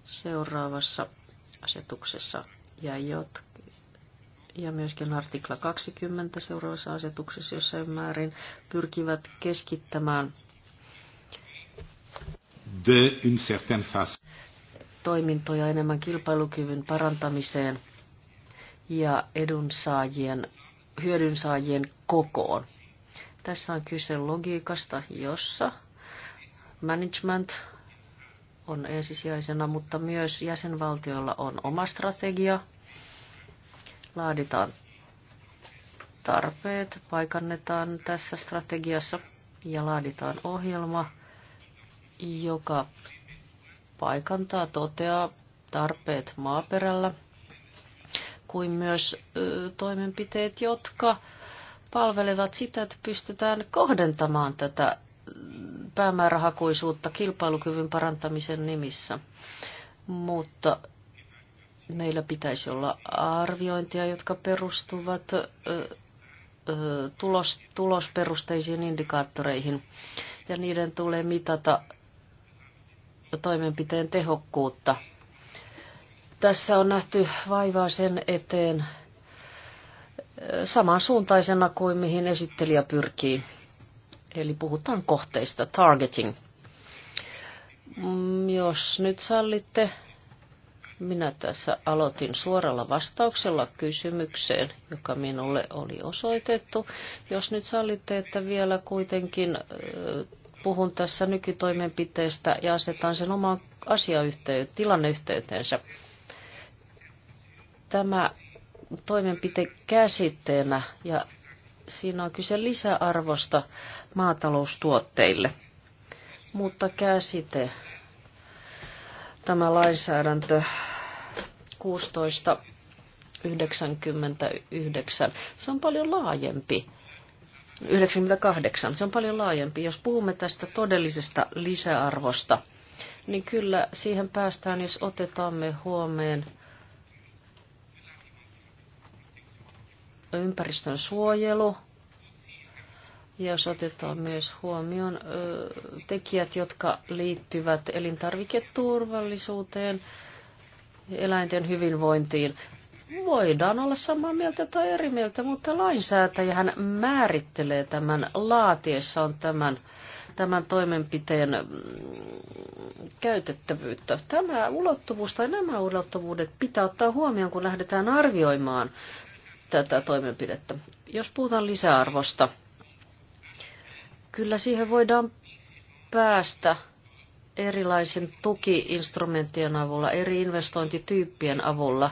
[SPEAKER 1] seuraavassa asetuksessa ja jotkin ja myöskin artikla 20 seuraavassa asetuksessa jossa määrin pyrkivät keskittämään
[SPEAKER 2] de une certaine façon.
[SPEAKER 1] toimintoja enemmän kilpailukyvyn parantamiseen ja edunsaajien, hyödynsaajien kokoon. Tässä on kyse logiikasta, jossa management on ensisijaisena, mutta myös jäsenvaltioilla on oma strategia – laaditaan tarpeet, paikannetaan tässä strategiassa ja laaditaan ohjelma, joka paikantaa, toteaa tarpeet maaperällä, kuin myös ö, toimenpiteet, jotka palvelevat sitä, että pystytään kohdentamaan tätä päämäärähakuisuutta kilpailukyvyn parantamisen nimissä. Mutta meillä pitäisi olla arviointia, jotka perustuvat ö, ö, tulos, tulosperusteisiin indikaattoreihin, ja niiden tulee mitata toimenpiteen tehokkuutta. Tässä on nähty vaivaa sen eteen samansuuntaisena kuin mihin esittelijä pyrkii. Eli puhutaan kohteista, targeting. Mm, jos nyt sallitte, minä tässä aloitin suoralla vastauksella kysymykseen, joka minulle oli osoitettu. Jos nyt sallitte, että vielä kuitenkin puhun tässä nykytoimenpiteestä ja asetan sen oman asiayhteyteen, tilanneyhteyteensä. Tämä toimenpite käsitteenä ja siinä on kyse lisäarvosta maataloustuotteille. Mutta käsite tämä lainsäädäntö 1699. Se on paljon laajempi. 98. Se on paljon laajempi. Jos puhumme tästä todellisesta lisäarvosta, niin kyllä siihen päästään, jos me huomeen ympäristön suojelu, jos otetaan myös huomioon ö, tekijät, jotka liittyvät elintarviketurvallisuuteen, eläinten hyvinvointiin. Voidaan olla samaa mieltä tai eri mieltä, mutta lainsäätäjähän määrittelee tämän on tämän, tämän toimenpiteen mm, käytettävyyttä. Tämä ulottuvuus tai nämä ulottuvuudet pitää ottaa huomioon, kun lähdetään arvioimaan tätä toimenpidettä. Jos puhutaan lisäarvosta, Kyllä siihen voidaan päästä erilaisen tukiinstrumenttien avulla, eri investointityyppien avulla,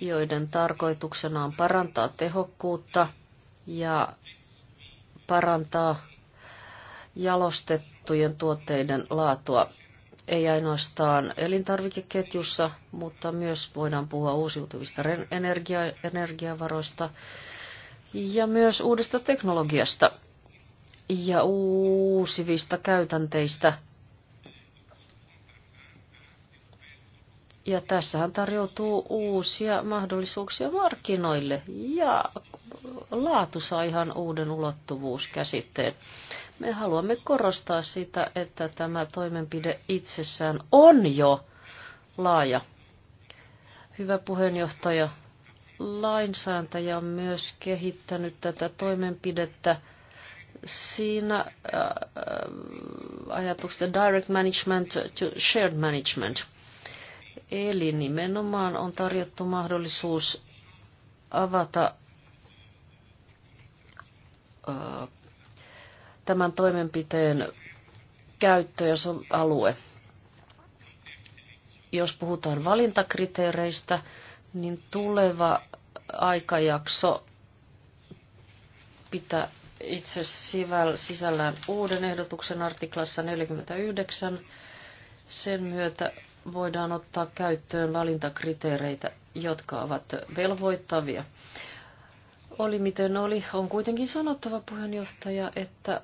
[SPEAKER 1] joiden tarkoituksena on parantaa tehokkuutta ja parantaa jalostettujen tuotteiden laatua. Ei ainoastaan elintarvikeketjussa, mutta myös voidaan puhua uusiutuvista energia- energiavaroista ja myös uudesta teknologiasta – ja uusivista käytänteistä. Ja tässähän tarjoutuu uusia mahdollisuuksia markkinoille ja laatu saa ihan uuden ulottuvuuskäsitteen. Me haluamme korostaa sitä, että tämä toimenpide itsessään on jo laaja. Hyvä puheenjohtaja, lainsääntäjä on myös kehittänyt tätä toimenpidettä siinä äh, äh, ajatuksesta direct management to shared management. Eli nimenomaan on tarjottu mahdollisuus avata äh, tämän toimenpiteen käyttö ja alue. Jos puhutaan valintakriteereistä, niin tuleva aikajakso pitää itse sisällään uuden ehdotuksen artiklassa 49. Sen myötä voidaan ottaa käyttöön valintakriteereitä, jotka ovat velvoittavia. Oli miten oli, on kuitenkin sanottava puheenjohtaja, että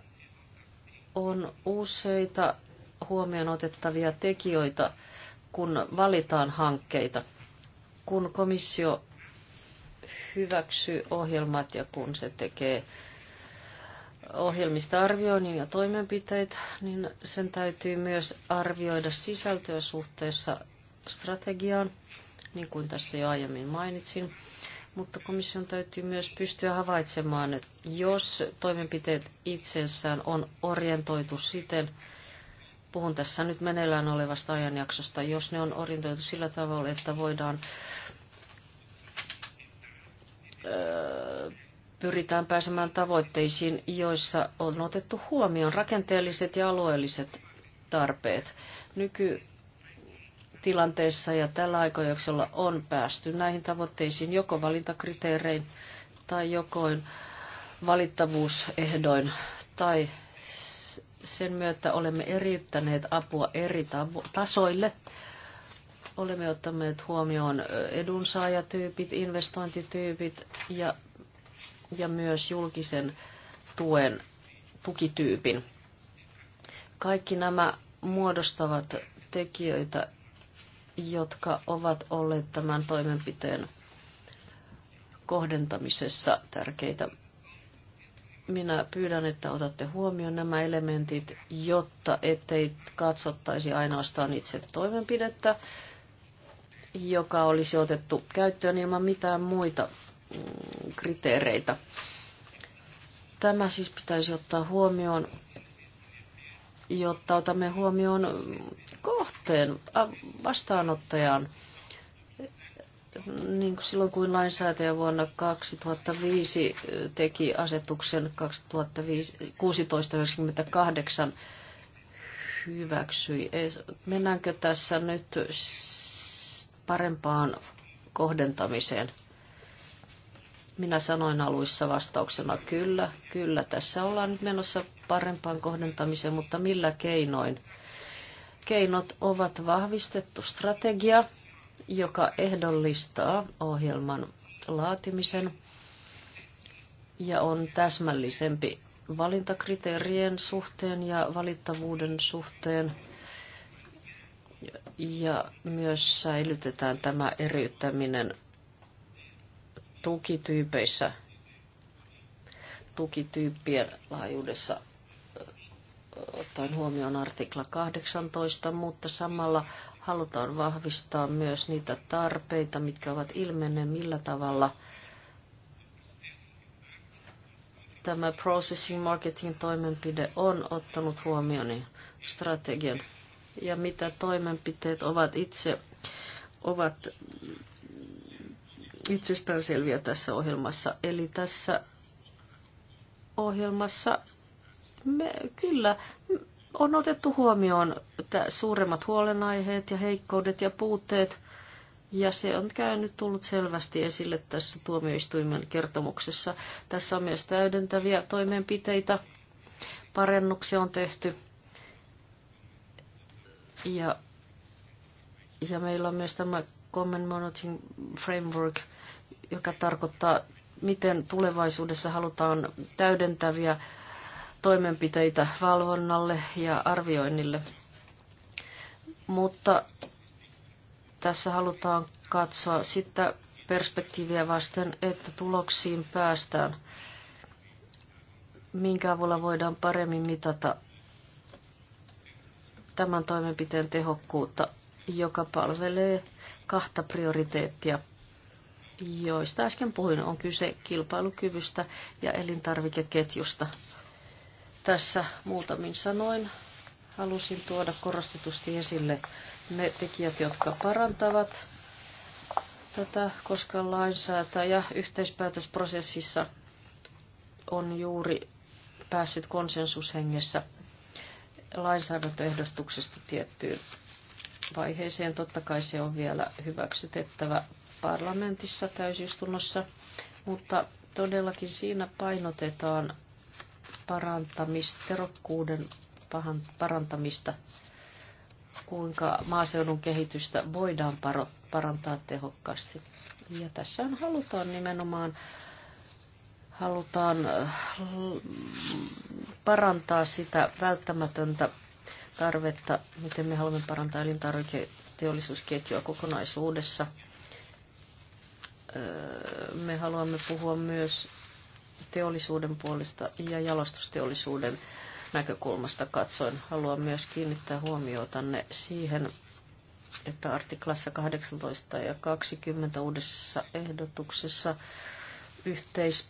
[SPEAKER 1] on useita huomioon otettavia tekijöitä, kun valitaan hankkeita. Kun komissio hyväksyy ohjelmat ja kun se tekee ohjelmista ja toimenpiteitä, niin sen täytyy myös arvioida sisältöä suhteessa strategiaan, niin kuin tässä jo aiemmin mainitsin. Mutta komission täytyy myös pystyä havaitsemaan, että jos toimenpiteet itsessään on orientoitu siten, puhun tässä nyt meneillään olevasta ajanjaksosta, jos ne on orientoitu sillä tavalla, että voidaan pyritään pääsemään tavoitteisiin, joissa on otettu huomioon rakenteelliset ja alueelliset tarpeet. nykytilanteessa ja tällä aikajaksolla on päästy näihin tavoitteisiin joko valintakriteerein tai jokoin valittavuusehdoin tai sen myötä olemme eriyttäneet apua eri tasoille. Olemme ottaneet huomioon edunsaajatyypit, investointityypit ja ja myös julkisen tuen tukityypin. Kaikki nämä muodostavat tekijöitä, jotka ovat olleet tämän toimenpiteen kohdentamisessa tärkeitä. Minä pyydän, että otatte huomioon nämä elementit, jotta ettei katsottaisi ainoastaan itse toimenpidettä, joka olisi otettu käyttöön ilman mitään muita Mm, kriteereitä. Tämä siis pitäisi ottaa huomioon, jotta otamme huomioon kohteen vastaanottajan niin kuin silloin kun lainsäätäjä vuonna 2005 teki asetuksen 2016-98 hyväksyi. Mennäänkö tässä nyt parempaan kohdentamiseen? Minä sanoin aluissa vastauksena kyllä, kyllä tässä ollaan nyt menossa parempaan kohdentamiseen, mutta millä keinoin? Keinot ovat vahvistettu strategia, joka ehdollistaa ohjelman laatimisen ja on täsmällisempi valintakriteerien suhteen ja valittavuuden suhteen. Ja myös säilytetään tämä eriyttäminen tukityypeissä, tukityyppien laajuudessa ottaen huomioon artikla 18, mutta samalla halutaan vahvistaa myös niitä tarpeita, mitkä ovat ilmenneet, millä tavalla tämä processing marketing toimenpide on ottanut huomioon strategian ja mitä toimenpiteet ovat itse ovat itsestäänselviä tässä ohjelmassa. Eli tässä ohjelmassa me, kyllä on otettu huomioon suuremmat huolenaiheet ja heikkoudet ja puutteet, ja se on käynyt tullut selvästi esille tässä tuomioistuimen kertomuksessa. Tässä on myös täydentäviä toimenpiteitä, parannuksia on tehty, ja, ja meillä on myös tämä Common Monitoring Framework – joka tarkoittaa, miten tulevaisuudessa halutaan täydentäviä toimenpiteitä valvonnalle ja arvioinnille. Mutta tässä halutaan katsoa sitä perspektiiviä vasten, että tuloksiin päästään, minkä avulla voidaan paremmin mitata tämän toimenpiteen tehokkuutta, joka palvelee kahta prioriteettia – joista äsken puhuin, on kyse kilpailukyvystä ja elintarvikeketjusta. Tässä muutamin sanoin halusin tuoda korostetusti esille ne tekijät, jotka parantavat tätä, koska lainsäätäjä yhteispäätösprosessissa on juuri päässyt konsensushengessä lainsäädäntöehdotuksesta tiettyyn vaiheeseen. Totta kai se on vielä hyväksytettävä parlamentissa täysistunnossa, mutta todellakin siinä painotetaan parantamista, terokkuuden parantamista, kuinka maaseudun kehitystä voidaan parantaa tehokkaasti. Ja tässä on halutaan nimenomaan halutaan äh, parantaa sitä välttämätöntä tarvetta, miten me haluamme parantaa elintarviketeollisuusketjua kokonaisuudessa – me haluamme puhua myös teollisuuden puolesta ja jalostusteollisuuden näkökulmasta katsoen. Haluan myös kiinnittää huomiotanne siihen, että artiklassa 18 ja 20 uudessa ehdotuksessa yhteis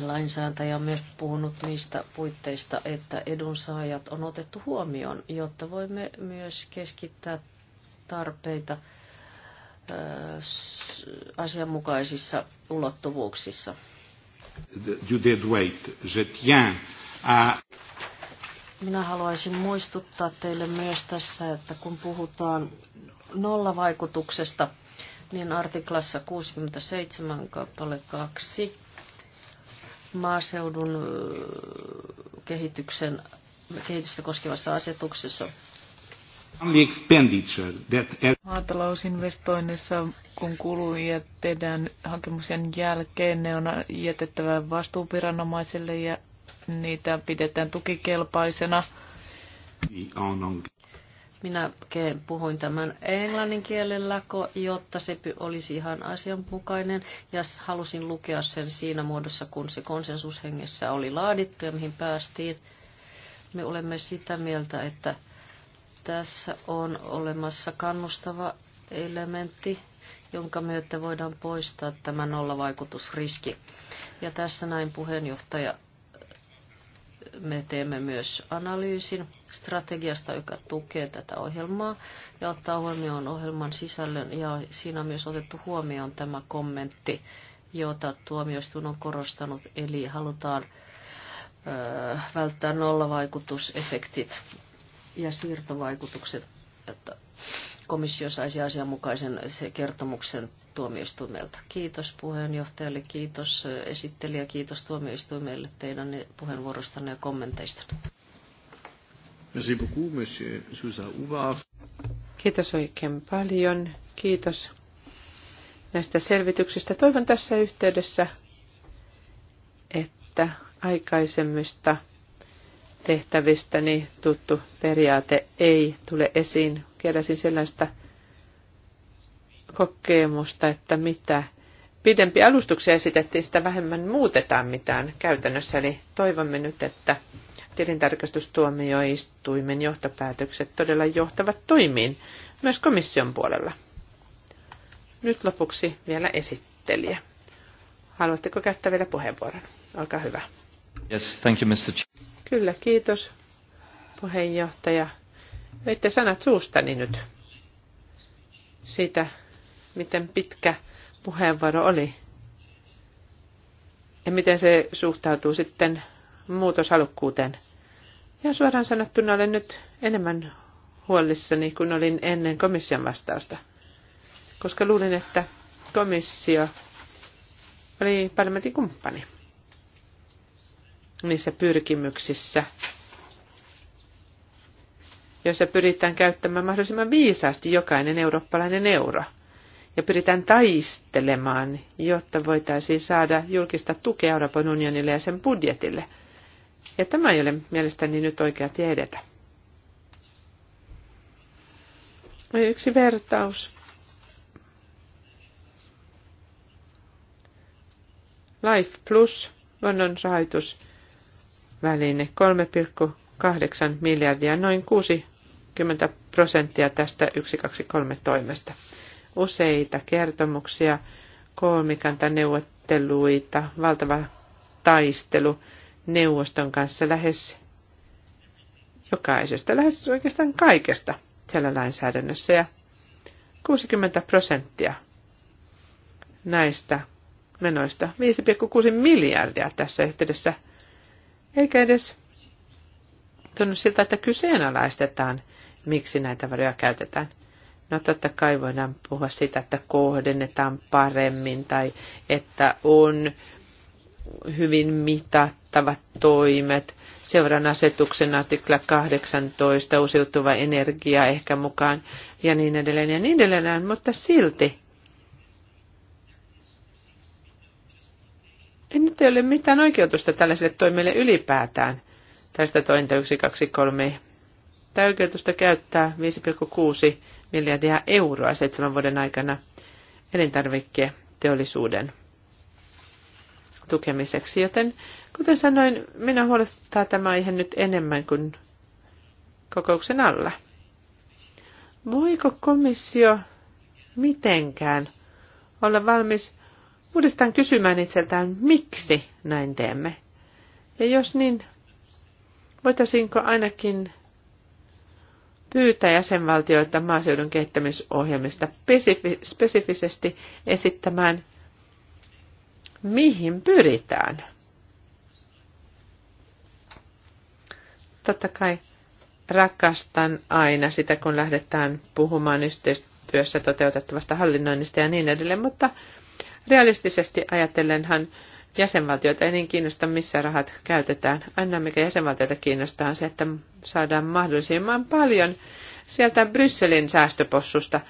[SPEAKER 1] Lainsääntäjä on myös puhunut niistä puitteista, että edunsaajat on otettu huomioon, jotta voimme myös keskittää tarpeita Äh, asianmukaisissa ulottuvuuksissa.
[SPEAKER 2] Judith Wait, je tiens à...
[SPEAKER 1] Minä haluaisin muistuttaa teille myös tässä, että kun puhutaan nollavaikutuksesta, niin artiklassa 67 kappale 2 maaseudun kehityksen, kehitystä koskevassa asetuksessa
[SPEAKER 4] Maatalousinvestoinnissa, kun kuluja tehdään hakemuksen jälkeen, ne on jätettävä vastuuviranomaiselle ja niitä pidetään tukikelpaisena.
[SPEAKER 1] Minä puhuin tämän englannin kielellä, jotta se olisi ihan asianmukainen, ja halusin lukea sen siinä muodossa, kun se konsensushengessä oli laadittu ja mihin päästiin. Me olemme sitä mieltä, että tässä on olemassa kannustava elementti, jonka myötä voidaan poistaa tämä nollavaikutusriski. Ja tässä näin puheenjohtaja, me teemme myös analyysin strategiasta, joka tukee tätä ohjelmaa ja ottaa huomioon ohjelman sisällön. Ja siinä on myös otettu huomioon tämä kommentti, jota tuomioistuin on korostanut, eli halutaan välttää nollavaikutusefektit ja siirtovaikutukset, että komissio saisi asianmukaisen kertomuksen tuomioistuimelta. Kiitos puheenjohtajalle, kiitos esittelijä, kiitos tuomioistuimelle teidän puheenvuorostanne ja kommenteistanne. Kiitos
[SPEAKER 3] oikein paljon. Kiitos näistä selvityksistä. Toivon tässä yhteydessä, että aikaisemmista tehtävistäni tuttu periaate ei tule esiin. Keräsin sellaista kokemusta, että mitä pidempi alustuksia esitettiin, sitä vähemmän muutetaan mitään käytännössä. Eli toivomme nyt, että tilintarkastustuomioistuimen johtopäätökset todella johtavat toimiin myös komission puolella. Nyt lopuksi vielä esittelijä. Haluatteko käyttää vielä puheenvuoron? Olkaa hyvä.
[SPEAKER 2] Yes, thank you, Mr.
[SPEAKER 3] Kyllä, kiitos puheenjohtaja. Veitte sanat suustani nyt siitä, miten pitkä puheenvuoro oli ja miten se suhtautuu sitten muutoshalukkuuteen. Ja suoraan sanottuna olen nyt enemmän huolissani kuin olin ennen komission vastausta, koska luulin, että komissio oli parlamentin kumppani niissä pyrkimyksissä, joissa pyritään käyttämään mahdollisimman viisaasti jokainen eurooppalainen euro. Ja pyritään taistelemaan, jotta voitaisiin saada julkista tukea Euroopan unionille ja sen budjetille. Ja tämä ei ole mielestäni nyt oikea tie edetä. Yksi vertaus. Life Plus, luonnonrahoitus, väline 3,8 miljardia, noin 60 prosenttia tästä 123 toimesta. Useita kertomuksia, kolmikanta neuvotteluita, valtava taistelu neuvoston kanssa lähes jokaisesta, lähes oikeastaan kaikesta siellä lainsäädännössä. Ja 60 prosenttia näistä menoista, 5,6 miljardia tässä yhteydessä – eikä edes tunnu siltä, että kyseenalaistetaan, miksi näitä varoja käytetään. No totta kai voidaan puhua siitä, että kohdennetaan paremmin tai että on hyvin mitattavat toimet. Seuraan asetuksen artikla 18, uusiutuva energia ehkä mukaan ja niin edelleen ja niin edelleen, mutta silti nyt ei ole mitään oikeutusta tällaisille toimille ylipäätään. Tästä tointa 123. Tämä oikeutusta käyttää 5,6 miljardia euroa seitsemän vuoden aikana elintarviketeollisuuden tukemiseksi. Joten kuten sanoin, minä huolestuttaa tämä aihe nyt enemmän kuin kokouksen alla. Voiko komissio mitenkään olla valmis uudestaan kysymään itseltään, miksi näin teemme. Ja jos niin, voitaisiinko ainakin pyytää jäsenvaltioita maaseudun kehittämisohjelmista spesifisesti esittämään, mihin pyritään. Totta kai rakastan aina sitä, kun lähdetään puhumaan yhteistyössä toteutettavasta hallinnoinnista ja niin edelleen, mutta Realistisesti hän jäsenvaltioita ei niin kiinnosta, missä rahat käytetään. Aina mikä jäsenvaltioita kiinnostaa on se, että saadaan mahdollisimman paljon sieltä Brysselin säästöpossusta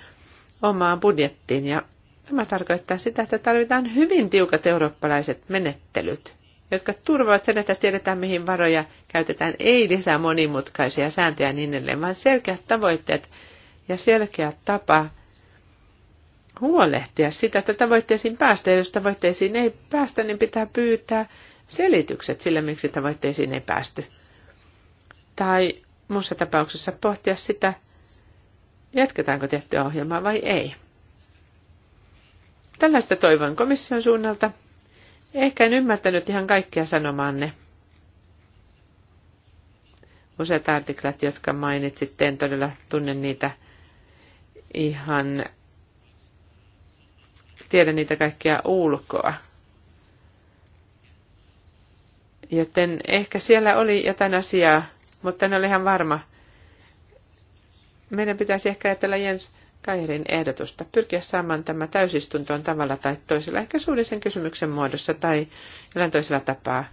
[SPEAKER 3] omaan budjettiin. Ja tämä tarkoittaa sitä, että tarvitaan hyvin tiukat eurooppalaiset menettelyt, jotka turvaavat sen, että tiedetään mihin varoja käytetään. Ei lisää monimutkaisia sääntöjä niin edelleen, vaan selkeät tavoitteet ja selkeä tapa huolehtia sitä, että tavoitteisiin päästä. Ja jos tavoitteisiin ei päästä, niin pitää pyytää selitykset sille, miksi tavoitteisiin ei päästy. Tai muussa tapauksessa pohtia sitä, jatketaanko tiettyä ohjelmaa vai ei. Tällaista toivon komission suunnalta. Ehkä en ymmärtänyt ihan kaikkia sanomaanne. Useat artiklat, jotka mainitsitte, en todella tunne niitä ihan tiedä niitä kaikkia ulkoa. Joten ehkä siellä oli jotain asiaa, mutta en ole ihan varma. Meidän pitäisi ehkä ajatella Jens Kairin ehdotusta, pyrkiä saamaan tämä täysistuntoon tavalla tai toisella, ehkä suullisen kysymyksen muodossa tai jollain toisella tapaa.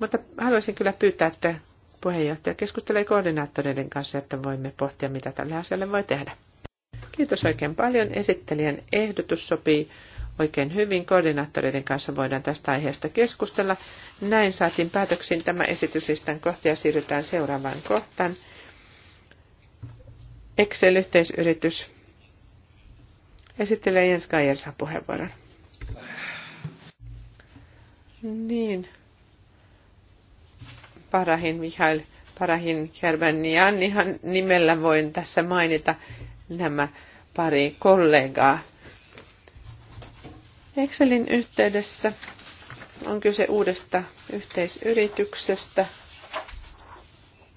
[SPEAKER 3] Mutta haluaisin kyllä pyytää, että puheenjohtaja keskustelee koordinaattoreiden kanssa, että voimme pohtia, mitä tälle asialle voi tehdä. Kiitos oikein paljon. Esittelijän ehdotus sopii oikein hyvin. Koordinaattoreiden kanssa voidaan tästä aiheesta keskustella. Näin saatiin päätöksiin tämä esityslistan kohta ja siirrytään seuraavaan kohtaan. Excel-yhteisyritys. Esittelee Jens kajersa puheenvuoron. Niin. Parahin Mihail, Parahin Kerbenian, ihan nimellä voin tässä mainita nämä pari kollegaa Excelin yhteydessä on kyse uudesta yhteisyrityksestä,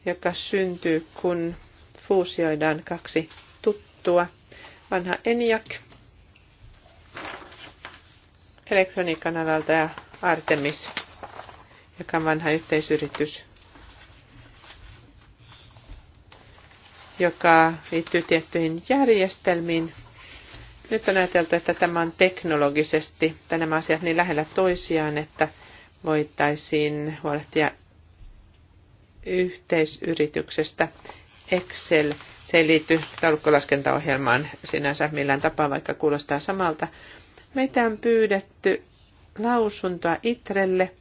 [SPEAKER 3] joka syntyy, kun fuusioidaan kaksi tuttua. Vanha Eniak elektroniikan alalta ja Artemis, joka on vanha yhteisyritys, joka liittyy tiettyihin järjestelmiin – nyt on ajateltu, että tämä on teknologisesti, tai nämä asiat niin lähellä toisiaan, että voitaisiin huolehtia yhteisyrityksestä. Excel, se ei liity taulukkolaskentaohjelmaan sinänsä millään tapaa, vaikka kuulostaa samalta. Meitä on pyydetty lausuntoa Itrelle,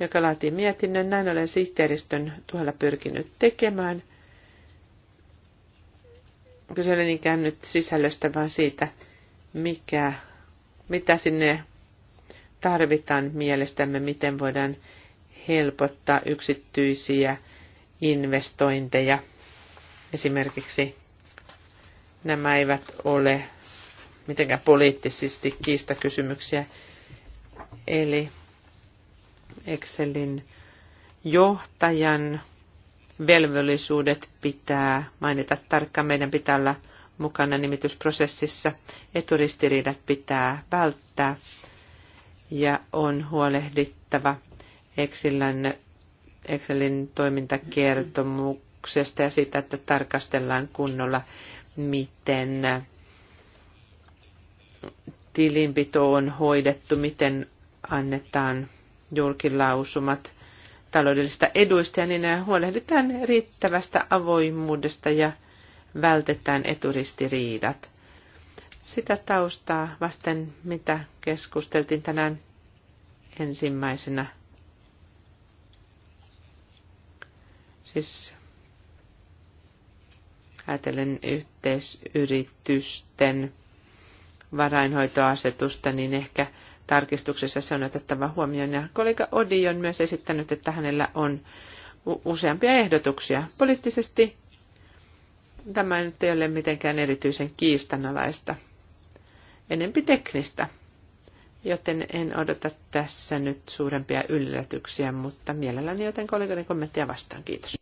[SPEAKER 3] joka laatii mietinnön. Näin olen sihteeristön tuolla pyrkinyt tekemään – kyse ei niinkään nyt sisällöstä, vaan siitä, mikä, mitä sinne tarvitaan mielestämme, miten voidaan helpottaa yksityisiä investointeja. Esimerkiksi nämä eivät ole mitenkään poliittisesti kiistakysymyksiä. Eli Excelin johtajan velvollisuudet pitää mainita tarkkaan. Meidän pitää olla mukana nimitysprosessissa. Eturistiriidat pitää välttää ja on huolehdittava Excelin, Excelin toimintakertomuksesta ja siitä, että tarkastellaan kunnolla, miten tilinpito on hoidettu, miten annetaan julkilausumat – taloudellisista eduista ja niin huolehditaan riittävästä avoimuudesta ja vältetään eturistiriidat. Sitä taustaa vasten, mitä keskusteltiin tänään ensimmäisenä. Siis ajatellen yhteisyritysten varainhoitoasetusta, niin ehkä tarkistuksessa se on otettava huomioon. Ja kollega Odi on myös esittänyt, että hänellä on useampia ehdotuksia. Poliittisesti tämä nyt ei ole mitenkään erityisen kiistanalaista, enempi teknistä, joten en odota tässä nyt suurempia yllätyksiä, mutta mielelläni joten kollegani kommenttia vastaan. Kiitos.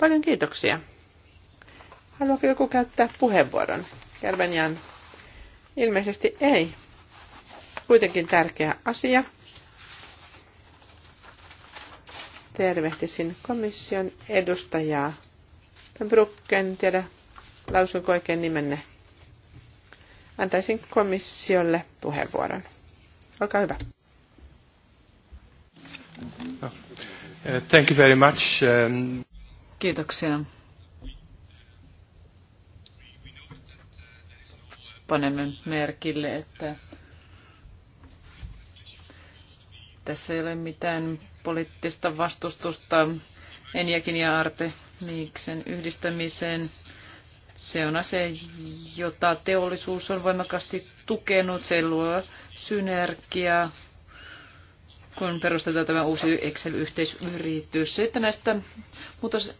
[SPEAKER 3] Paljon kiitoksia. Haluaako joku käyttää puheenvuoron? Kärvenjan ilmeisesti ei. Kuitenkin tärkeä asia. Tervehtisin komission edustajaa. Brucken, tiedä lausun oikein nimenne. Antaisin komissiolle puheenvuoron. Olkaa hyvä.
[SPEAKER 2] Thank you very much. Um,
[SPEAKER 4] Kiitoksia. Panemme merkille, että tässä ei ole mitään poliittista vastustusta Enjakin ja Arte Miiksen yhdistämiseen. Se on asia, jota teollisuus on voimakkaasti tukenut. Se luo synergiaa, kun perustetaan tämä uusi Excel-yhteisyritys. Sitten näistä, muutos,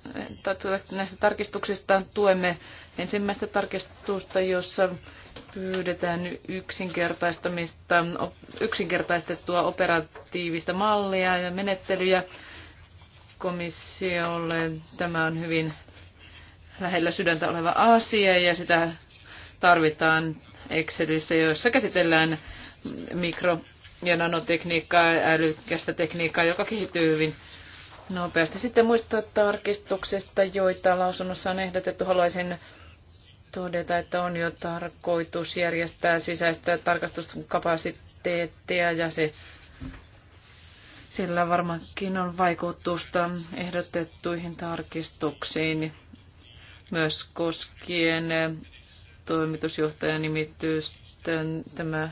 [SPEAKER 4] näistä tarkistuksista tuemme ensimmäistä tarkistusta, jossa pyydetään yksinkertaistamista, yksinkertaistettua operatiivista mallia ja menettelyjä komissiolle. Tämä on hyvin lähellä sydäntä oleva asia ja sitä tarvitaan Excelissä, joissa käsitellään mikro- ja nanotekniikkaa, älykästä tekniikkaa, joka kehittyy hyvin nopeasti. Sitten muista tarkistuksesta, joita lausunnossa on ehdotettu, haluaisin todeta, että on jo tarkoitus järjestää sisäistä tarkastuskapasiteettia ja se, sillä varmaankin on vaikutusta ehdotettuihin tarkistuksiin myös koskien toimitusjohtajan nimitystä. Tämä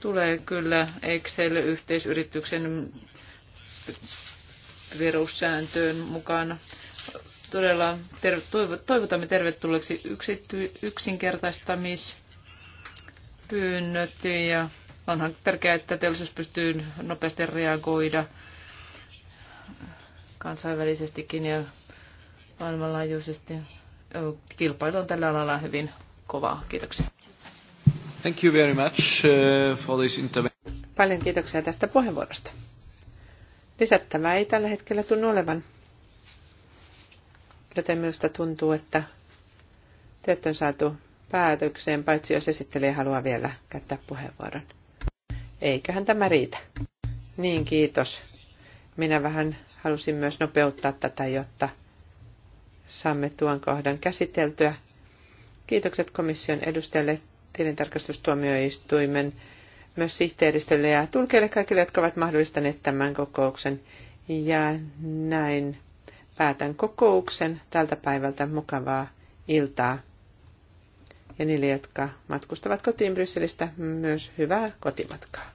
[SPEAKER 4] tulee kyllä Excel-yhteisyrityksen perussääntöön mukaan. Todella ter- toivotamme tervetulleeksi yksity- yksinkertaistamispyynnöt ja onhan tärkeää, että teollisuus pystyy nopeasti reagoida kansainvälisestikin ja maailmanlaajuisesti. Kilpailu on tällä alalla hyvin kovaa. Kiitoksia.
[SPEAKER 2] Thank you very much uh, for this
[SPEAKER 4] Paljon kiitoksia tästä puheenvuorosta.
[SPEAKER 3] Lisättävää ei tällä hetkellä tunnu olevan. Joten minusta tuntuu, että työt on saatu päätökseen, paitsi jos esittelijä haluaa vielä käyttää puheenvuoron. Eiköhän tämä riitä. Niin, kiitos. Minä vähän halusin myös nopeuttaa tätä, jotta saamme tuon kohdan käsiteltyä. Kiitokset komission edustajalle, tilintarkastustuomioistuimen, myös sihteeristölle ja tulkeille kaikille, jotka ovat mahdollistaneet tämän kokouksen. Ja näin päätän kokouksen tältä päivältä. Mukavaa iltaa. Ja niille, jotka matkustavat kotiin Brysselistä, myös hyvää kotimatkaa.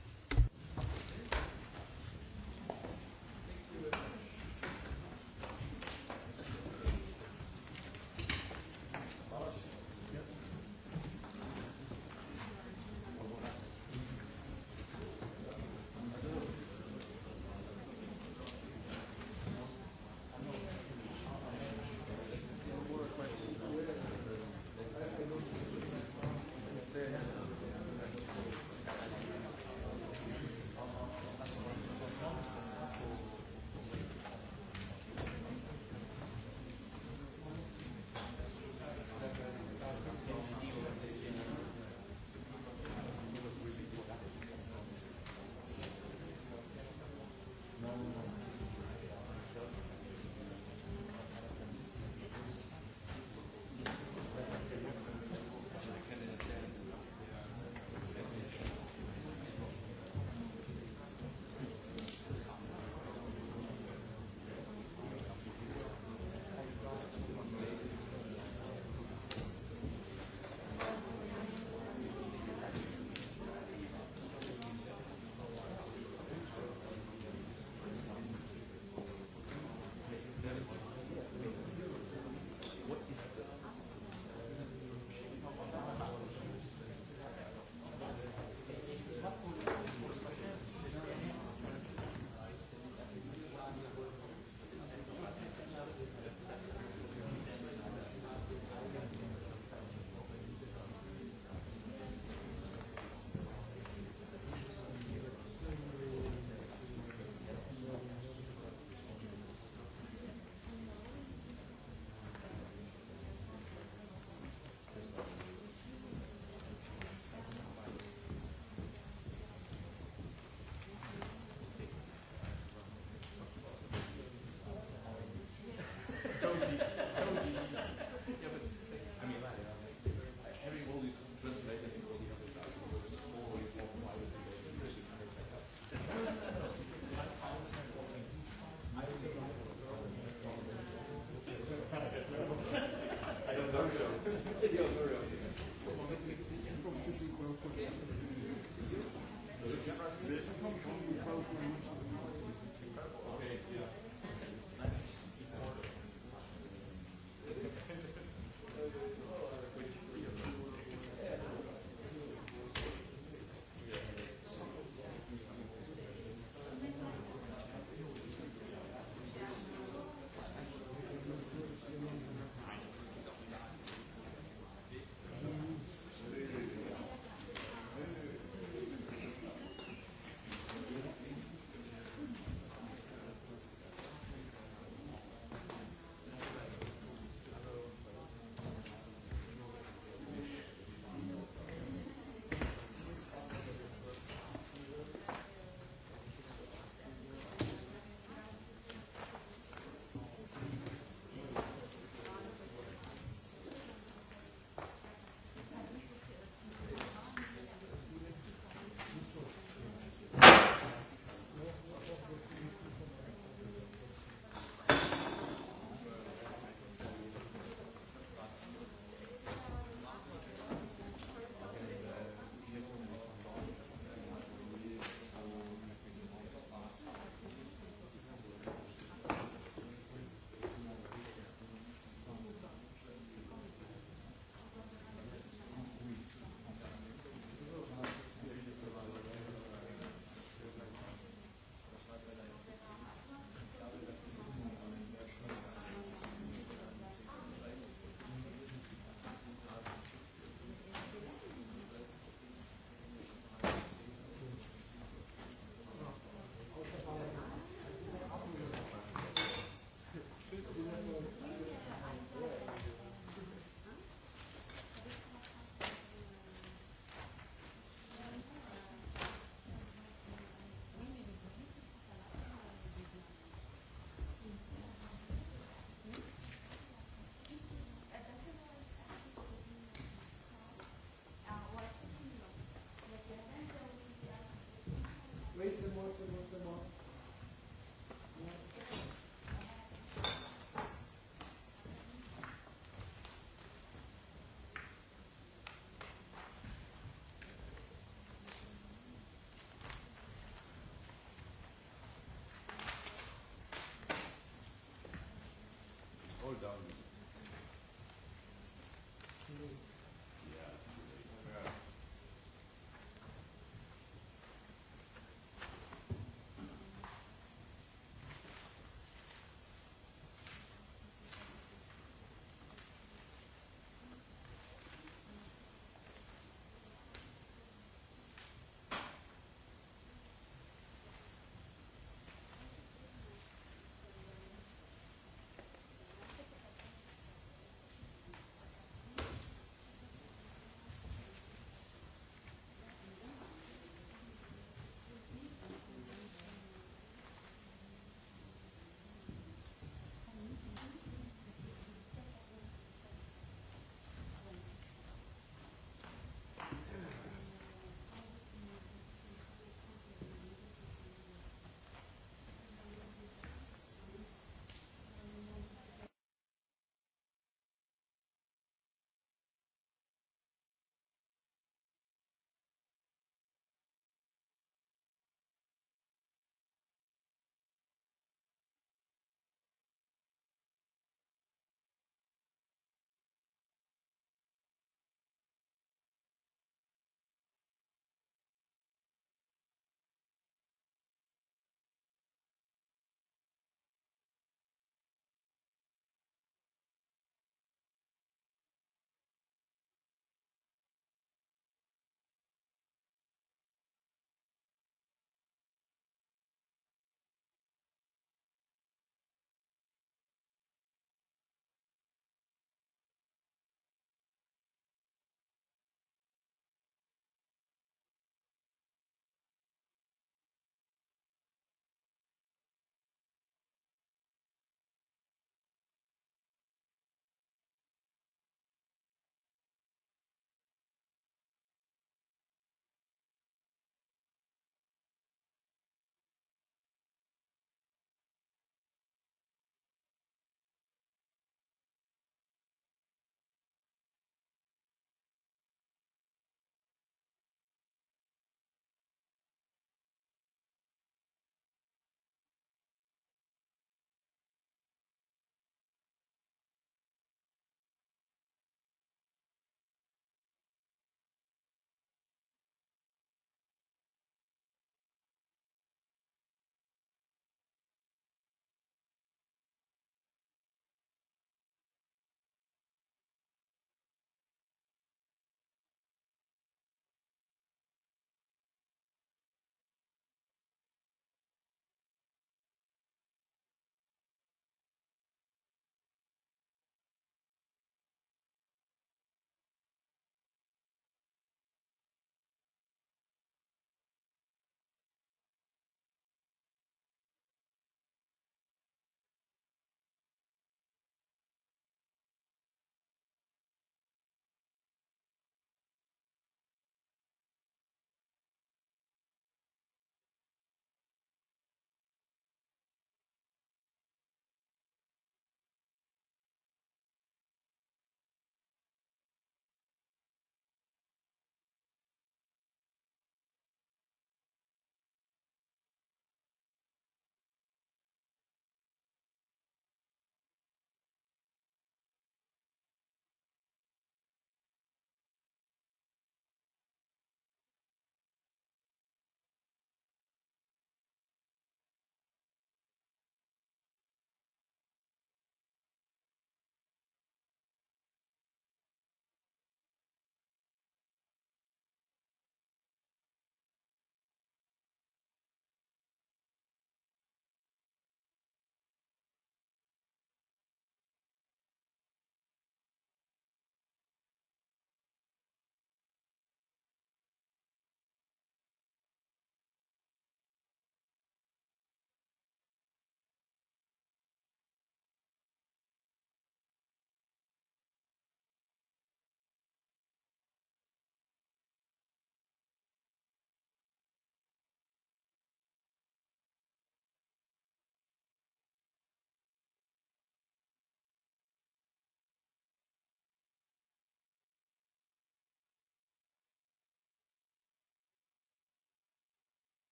[SPEAKER 2] Hold on.